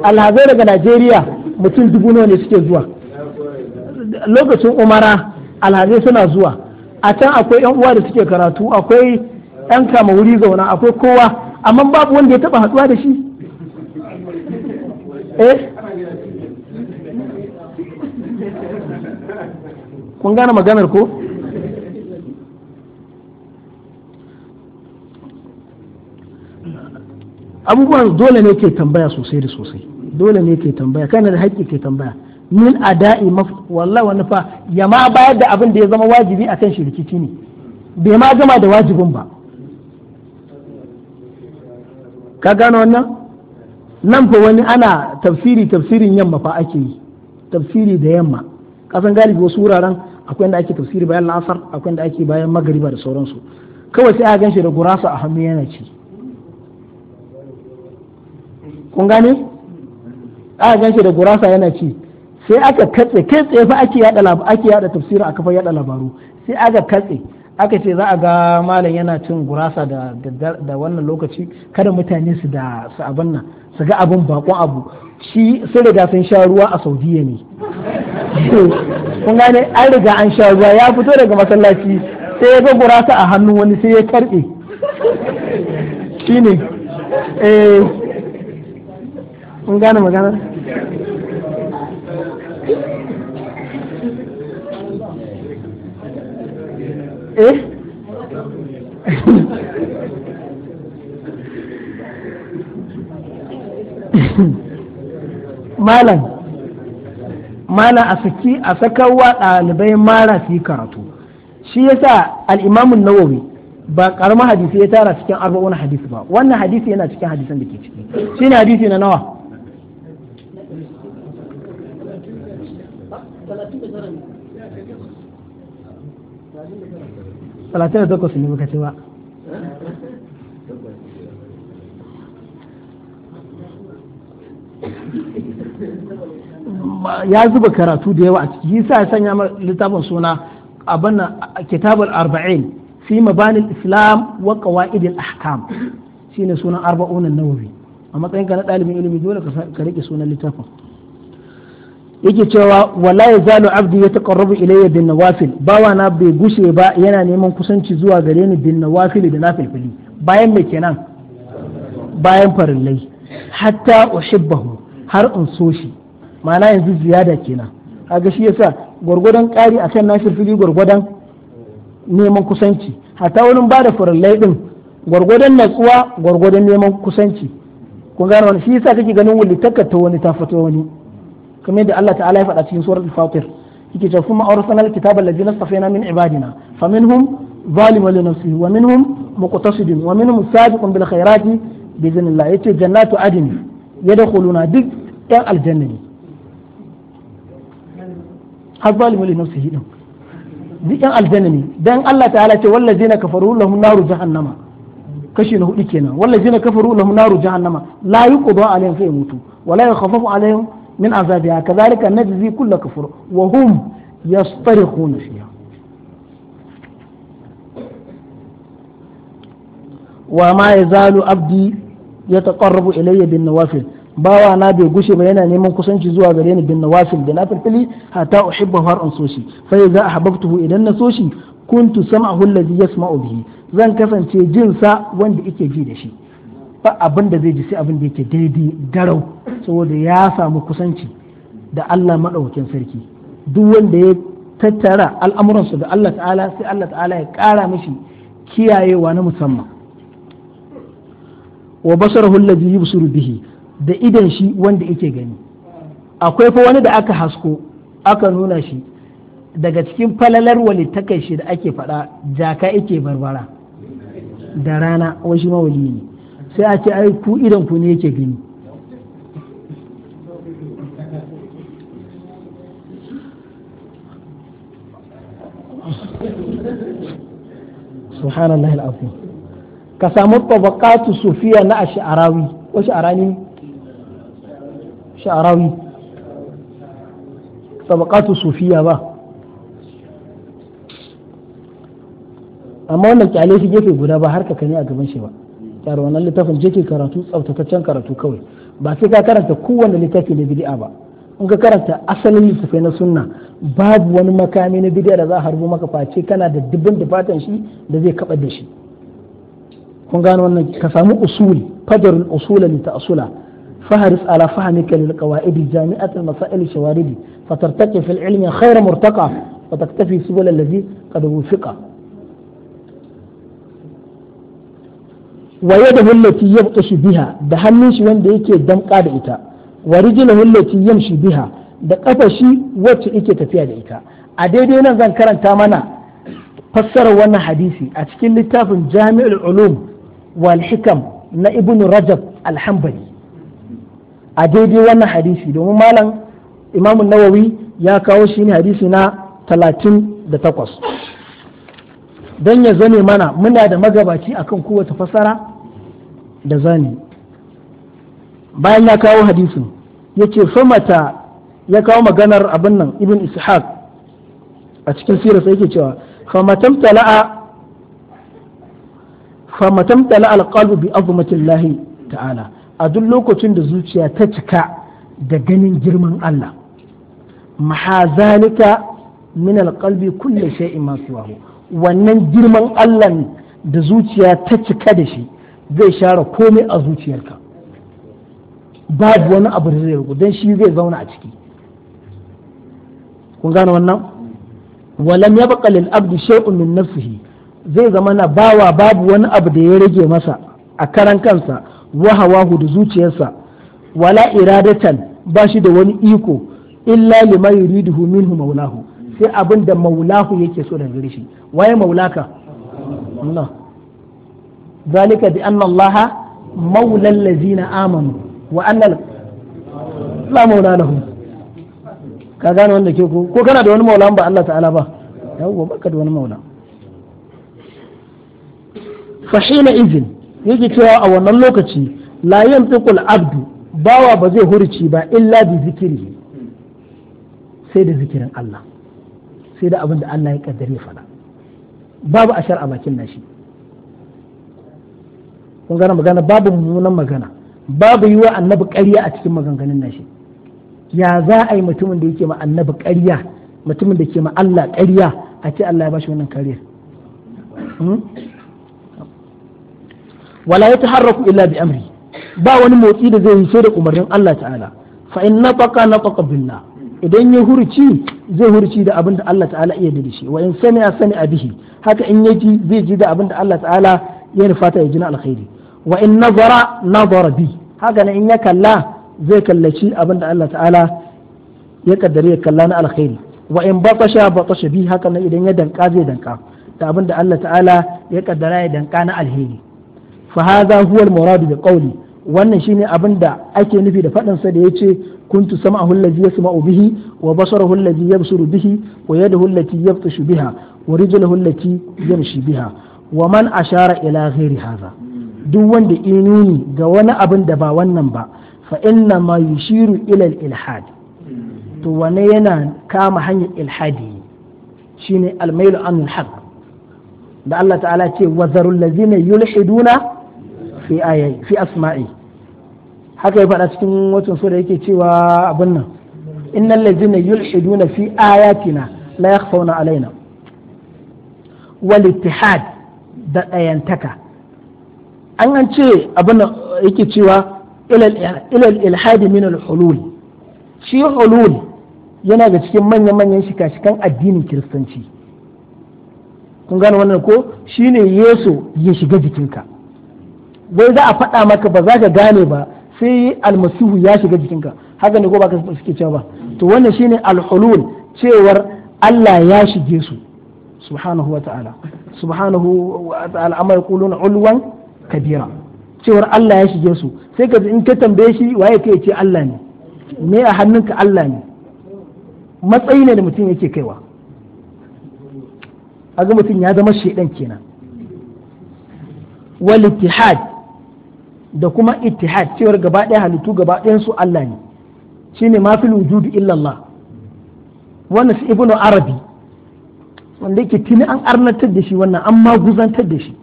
alhazai daga Najeriya mutum dubu nawa ne suke zuwa lokacin umara alhazai suna zuwa a can akwai yan uwa da suke karatu akwai yan kama wuri zauna akwai kowa amma babu wanda ya taba haduwa da shi Eh? kun gane maganar ko abubuwan dole ne ke tambaya sosai da sosai dole ne ke tambaya kana da haƙƙi ke tambaya min a maf wallahi wani fa ya ma bayar da abin da ya zama wajibi akan shi rikici ne bai ma gama da wajibin ba ka gane wannan nan fa wani ana tafsiri tafsirin yamma fa ake yi tafsiri da yamma kasan galibi wasu wuraren akwai inda ake tafsiri bayan la'asar akwai inda ake bayan magariba da sauransu kawai sai a gan shi da gurasa a hannu yana ci kun gane a gan shi da gurasa yana ci sai aka katse kai tsaye fa ake yada ake yada tafsiri a kafar yada labaru sai aka katse aka ce za a ga malam yana cin gurasa da da wannan lokaci kada mutane su da su abin nan su ga abin bakon abu shi sai riga sun sha ruwa a saudiya ne kun gane an riga an sha ruwa ya fito daga masallaci sai ya ga gurasa a hannu wani sai ya karbe eh kun gane magana eh malam malam a saki a sakawa ɗalibai mara su yi karatu shi yasa al-imamun nawawi ba karamar hadisi ya tara cikin arba'un hadisi ba wannan hadisi yana cikin hadisan da ke ciki shi ne hadisi na nawa talatin da takwas ne muka ce ba ya zuba karatu da yawa a ciki yasa ya sanya littafin suna abin kitabul arba'in fi mabanin islam wa qawaidil ahkam shine sunan arba'un nawawi a matsayin ka na ɗalibin ilimi dole ka rike sunan littafin yake cewa wala yazalu abdi yataqarrabu ilayya bin nawafil bawa na bai gushe ba yana neman kusanci zuwa gare ni bin nawafil da filfili bayan me kenan bayan farillai hatta uhibbahu har in so shi ma'ana yanzu ziyada kenan kaga shi yasa gwargwadon ƙari akan nashin fili gwargwadon neman kusanci hatta wurin ba da farallai din gwargwadon natsuwa gwargwadon neman kusanci kun gane wani shi yasa kake ganin wani takkata wani ta fito wani kamar yadda Allah ta'ala ya faɗa cikin surar al-fatir yake cewa kuma awrasana al-kitaba alladhina safaina min ibadina faminhum zalimun li nafsihi wa minhum muqtasidun wa minhum sabiqun bil khairati bi idhnillah yace jannatu adn yadkhuluna duk yan aljanna ne har zalimu li nafsihi din duk aljanna ne dan Allah ta'ala ce wallazina kafaru lahum naru jahannama kashi na hudu kenan wallazina kafaru lahum naru jahannama la yuqda alaihim fa yamutu wa la yukhaffafu alaihim min azabiha kadhalika najzi kull kafur wa hum yastarikhuna fiha wa ma yazalu abdi yataqarrabu ilayya bin nawafil bawa na bai gushe ba yana neman kusanci zuwa gare ni bin nawafil da nafilfili hatta uhibba har an soshi fa idza ahbabtuhu idan na soshi kuntu sam'ahu alladhi yasma'u bihi zan kasance jin sa wanda yake ji da shi ba abin da zai ji sai abin da yake daidai garau saboda ya samu kusanci da Allah madaukakin sarki duk wanda ya tattara al'amuransu da Allah ta'ala sai Allah ta'ala ya kara mishi kiyayewa na musamman wa basarahu alladhi yubsiru bihi da idan shi wanda yake gani akwai fa wani da aka hasko aka nuna shi daga cikin falalar walittakai shi da ake faɗa jaka yake barbara da rana wai shi mawali ne sai a ce ai ku idan ku ne yake gani subhanallahi al'azim ka samu tabaqatu sufiya na arawi wasu arani sha'arawi sabaqatu sufiya ba amma wannan kyale shi gefe guda ba har ka ne a gaban shi ba kyar wannan littafin je ke karatu tsaftataccen karatu kawai ba sai ka karanta kowane littafi na bid'a ba in ka karanta asalin littafai na sunna babu wani makami na bid'a da za a harbo maka face kana da dubban dubatan shi da zai kaɓa da shi kun gano wannan ka samu usuli fajarul usula li ta'sula فهرس على فهمك للقواعد جامعة المسائل الشواردي فترتقي في العلم خير مرتقى وتكتفي سبل الذي قد وفق ويده التي يبطش بها ده هنش وين ده يكي دم قاد إتا ورجله التي يمشي بها ده قفشي وات يكي تفيا ده إتا أديدي نزان كران تامنا فسر وانا حديثي أتكين لتاف جامع العلوم والحكم na ibn rajab alhambali a daidai wannan hadisi domin malam imamu nawawi ya kawo shi ne hadisi na talatin da takwas don ya zane mana muna da magabaci akan kowace fasara da zane bayan ya kawo hadisin ya ce famata ya kawo maganar abin nan ibn ishaq a cikin sirasa yake cewa famatamtala tala'a فمتمتلأ القلب بعظمة ta'ala. a duk lokacin da zuciya ta cika da ganin girman Allah mahazalika min alqalbi kulli shay'in masuwahu wannan girman Allah da zuciya ta cika da shi zai share komai a zuciyarka babu wani abu da zai rugu don shi zai zauna a ciki kun gane wannan walam ya baka lil abdi shay'un min nafsihi zai zama na bawa babu wani abu da ya rage masa a karan kansa wa hawahu da zuciyarsa wala iradatan ba shi da wani iko illa lima yuridu minhu maulahu sai abin da maulahu yake so daga gare shi waye maulaka Allah zalika bi anna Allah maula allazina amanu wa anna la maula lahum ka gane wanda ke ko ko kana da wani maula ba Allah ta'ala ba yawwa baka da wani maula fa hina izin yake cewa a wannan lokaci la tukul abdu bawa ba zai hurci ba illa bi zikiri sai da zikirin Allah sai da abin da Allah ya kaddare ya faɗa babu a shar'a bakin nashi kun gana magana babu mummunan magana babu yi wa annabi ƙarya a cikin maganganun nashi ya za a yi mutumin da yake ma annabi ƙarya mutumin da ke ma Allah ƙarya a ce Allah ya bashi wannan kariyar hmm? wala yataharraku illa bi amri ba wani motsi da zai yi sai da umarnin Allah ta'ala fa in nafaqa nafaqa billah idan ya hurci zai hurci da abin da Allah ta'ala iya da shi wa in sani sami'a sami'a bihi haka in ya ji zai ji da abin da Allah ta'ala ya nufata ya ji na alkhairi wa in nazara nazara bi haka ne in ya kalla zai kallaci abin da Allah ta'ala ya kaddare ya kalla na alkhairi wa in batasha batasha bi haka ne idan ya danka zai danka da abin da Allah ta'ala ya kaddara ya danka na alheri fa hadha huwa muradu da qawli wannan shine abin da ake nufi da faɗin sa da yace kuntu sam'ahu allazi yasma'u bihi wa basarahu allazi yabsuru bihi wa yadahu allati yabtashu biha wa rijluhu allati yamshi biha wa man ashara ila ghairi hadha duk wanda inuni ga wani abin da ba wannan ba fa inna ma shiru ila al ilhad to wane yana kama hanyar ilhadi shine al mailu an da Allah ta'ala ce wa zarul ladzina yulhiduna fi ayayi fi asma'i haka ya faɗa cikin watan sura yake cewa abin nan innal ladzina yulhiduna fi ayatina la fauna alaina wal da ɗayantaka an an ce abin nan yake cewa ilal ilhadi min al hulul shi hulul yana ga cikin manya-manyan shika-shikan addinin kiristanci kun gane wannan ko shine yesu ya shiga jikinka wai za a faɗa maka ba za ka gane ba sai almasihu ya shiga jikinka haka ne ko baka suke cewa ba to wannan shine alhulul cewar Allah ya shige su subhanahu wa ta'ala subhanahu wa ta'ala amma yaquluna ulwan kabira cewar Allah ya shige su sai ka in ka tambaye shi waye kai ce Allah ne me a hannunka Allah ne matsayi ne da mutum yake kaiwa aga mutum ya zama shedan kenan wal ittihad da kuma ittihad cewar gaba ɗaya halittu gaba ɗayan su Allah ne shine ma fil wujud illallah wannan su ibnu arabi wanda yake tuni an arnatar da shi wannan an maguzantar da shi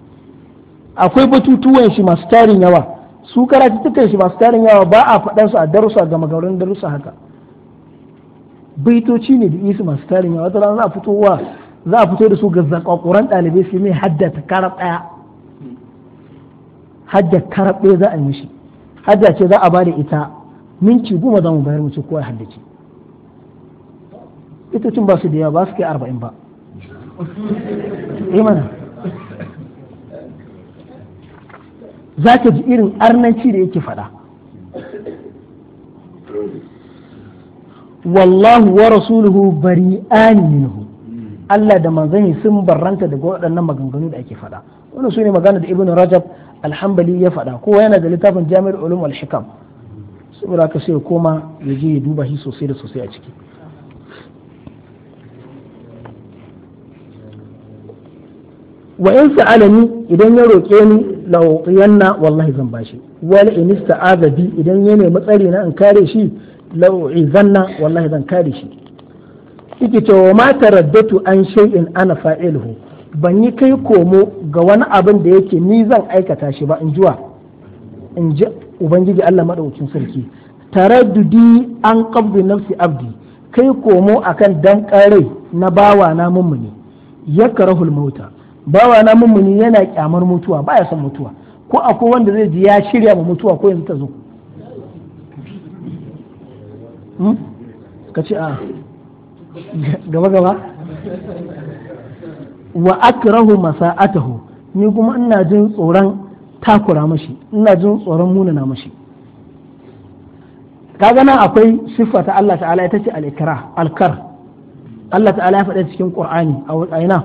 akwai batutuwan shi masu tarin yawa su karatuttukan shi masu tarin yawa ba a faɗan su a darusa ga magarin darusa haka baitoci ne da isu masu tarin yawa wata wa za a fito da su ga zakakuran ɗalibai su mai haddata kara ɗaya hajja karɓe za a yi mishi hajja ce za a ba da ita minci goma za mu bayar mu ce kowa ya haddace ita tun ba su da yawa ba su kai arba'in ba imana eh za ka ji irin arnanci da yake faɗa wallahu wa rasuluhu bari minhu Allah da manzani sun barranta daga waɗannan maganganu da ake faɗa wannan su ne magana da ibn rajab alhambali ya faɗa kowa yana da littafin jami'ar ulum al-hikam saboda ka sai koma ya je ya duba shi sosai da sosai a ciki wa in sa'alani idan ya roƙe ni la wallahi zan bashi wal in ista'aza bi idan ya nemi tsare na in kare shi la wallahi zan kare shi yake cewa ma taraddatu an shay'in ana fa'iluhu ban yi kai komo ga wani abin da yake ni zan aikata shi ba in jiwa in ji ubangiji Allah maɗaukin sarki taraddudi an qabdi nafsi abdi kai komo akan dan kare na bawa na mummuni yakrahul mauta bawa na mummuni yana kyamar mutuwa baya son mutuwa ko akwai wanda zai ji ya shirya ma mutuwa ko yanzu ta zo hmm? ka ce a ah, gaba gaba wa akrahu masa'atahu ni kuma ina jin tsoron takura mashi ina jin tsoron munana mashi Ka gana akwai siffa ta Allah ta'ala ita ce al-ikra al-kar Allah ta'ala ya faɗa cikin Qur'ani a ina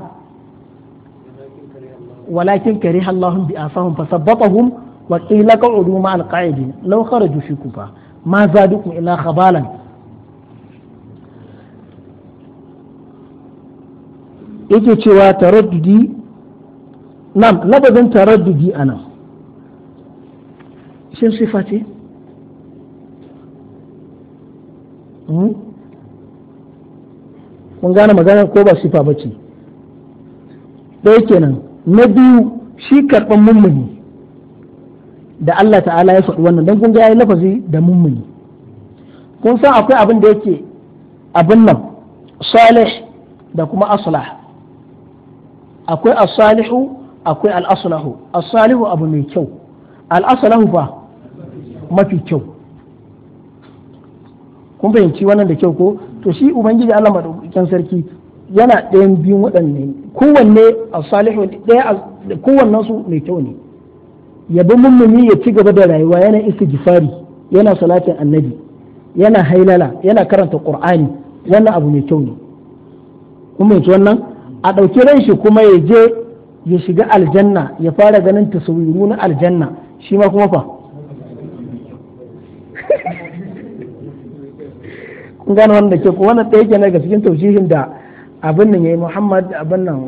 walakin kare Allahun bi asahum fasabbatahum wa qila qa'udu ma al-qa'idin law kharaju fikum ma zadukum illa khabalan yake cewa taraddudi nam labazin taraddudi a nan shin sifa ce mun hmm? gane magana ko ba sifa ba ce yake kenan na biyu shi karɓar mummuni da Allah ta'ala ya faɗi wannan don kun ga ya lafazi da mummuni kun san akwai abin da yake abin nan salih da kuma aslah akwai asalihu akwai al'asalahu asalihu abu mai kyau al'asalahu ba mafi kyau kun fahimci wannan da kyau ko to shi ubangiji Allah madaukakin sarki yana ɗayan biyun waɗanne kowanne asalihu ɗaya kowannen su mai kyau ne yabi mummuni ya ci gaba da rayuwa yana gifari yana salatin annabi yana hailala yana karanta qur'ani wannan abu mai kyau ne kun fahimci wannan a ɗauki ran shi kuma ya je ya shiga aljanna ya fara ganin taswiru na aljanna shi ma kuma fa kun gane wanda ke ku wannan ɗaya kenan daga cikin tausihin da abin nan yayi Muhammad abin nan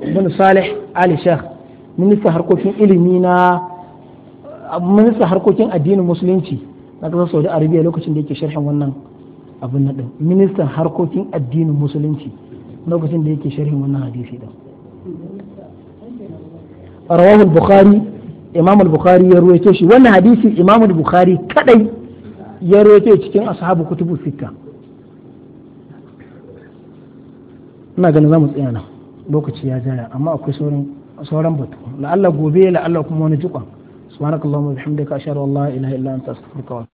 bin Salih Ali Sheikh minista harkokin ilimi na minista harkokin addinin musulunci na ƙasar Saudi Arabia lokacin da yake sharhin wannan abin nan ɗin ministan harkokin addinin musulunci lokacin da yake sharhin wannan hadisi din al bukhari imam al-bukhari ya ruwaito shi wannan hadisi imam al-bukhari kadai ya ruwaito cikin ashabu kutubu sitta ina ganin zamu tsaya nan lokaci ya jaya amma akwai sauran sauran batu la'alla gobe la'alla kuma wani jikon subhanakallahumma bihamdika ashhadu an la ilaha illa anta astaghfiruka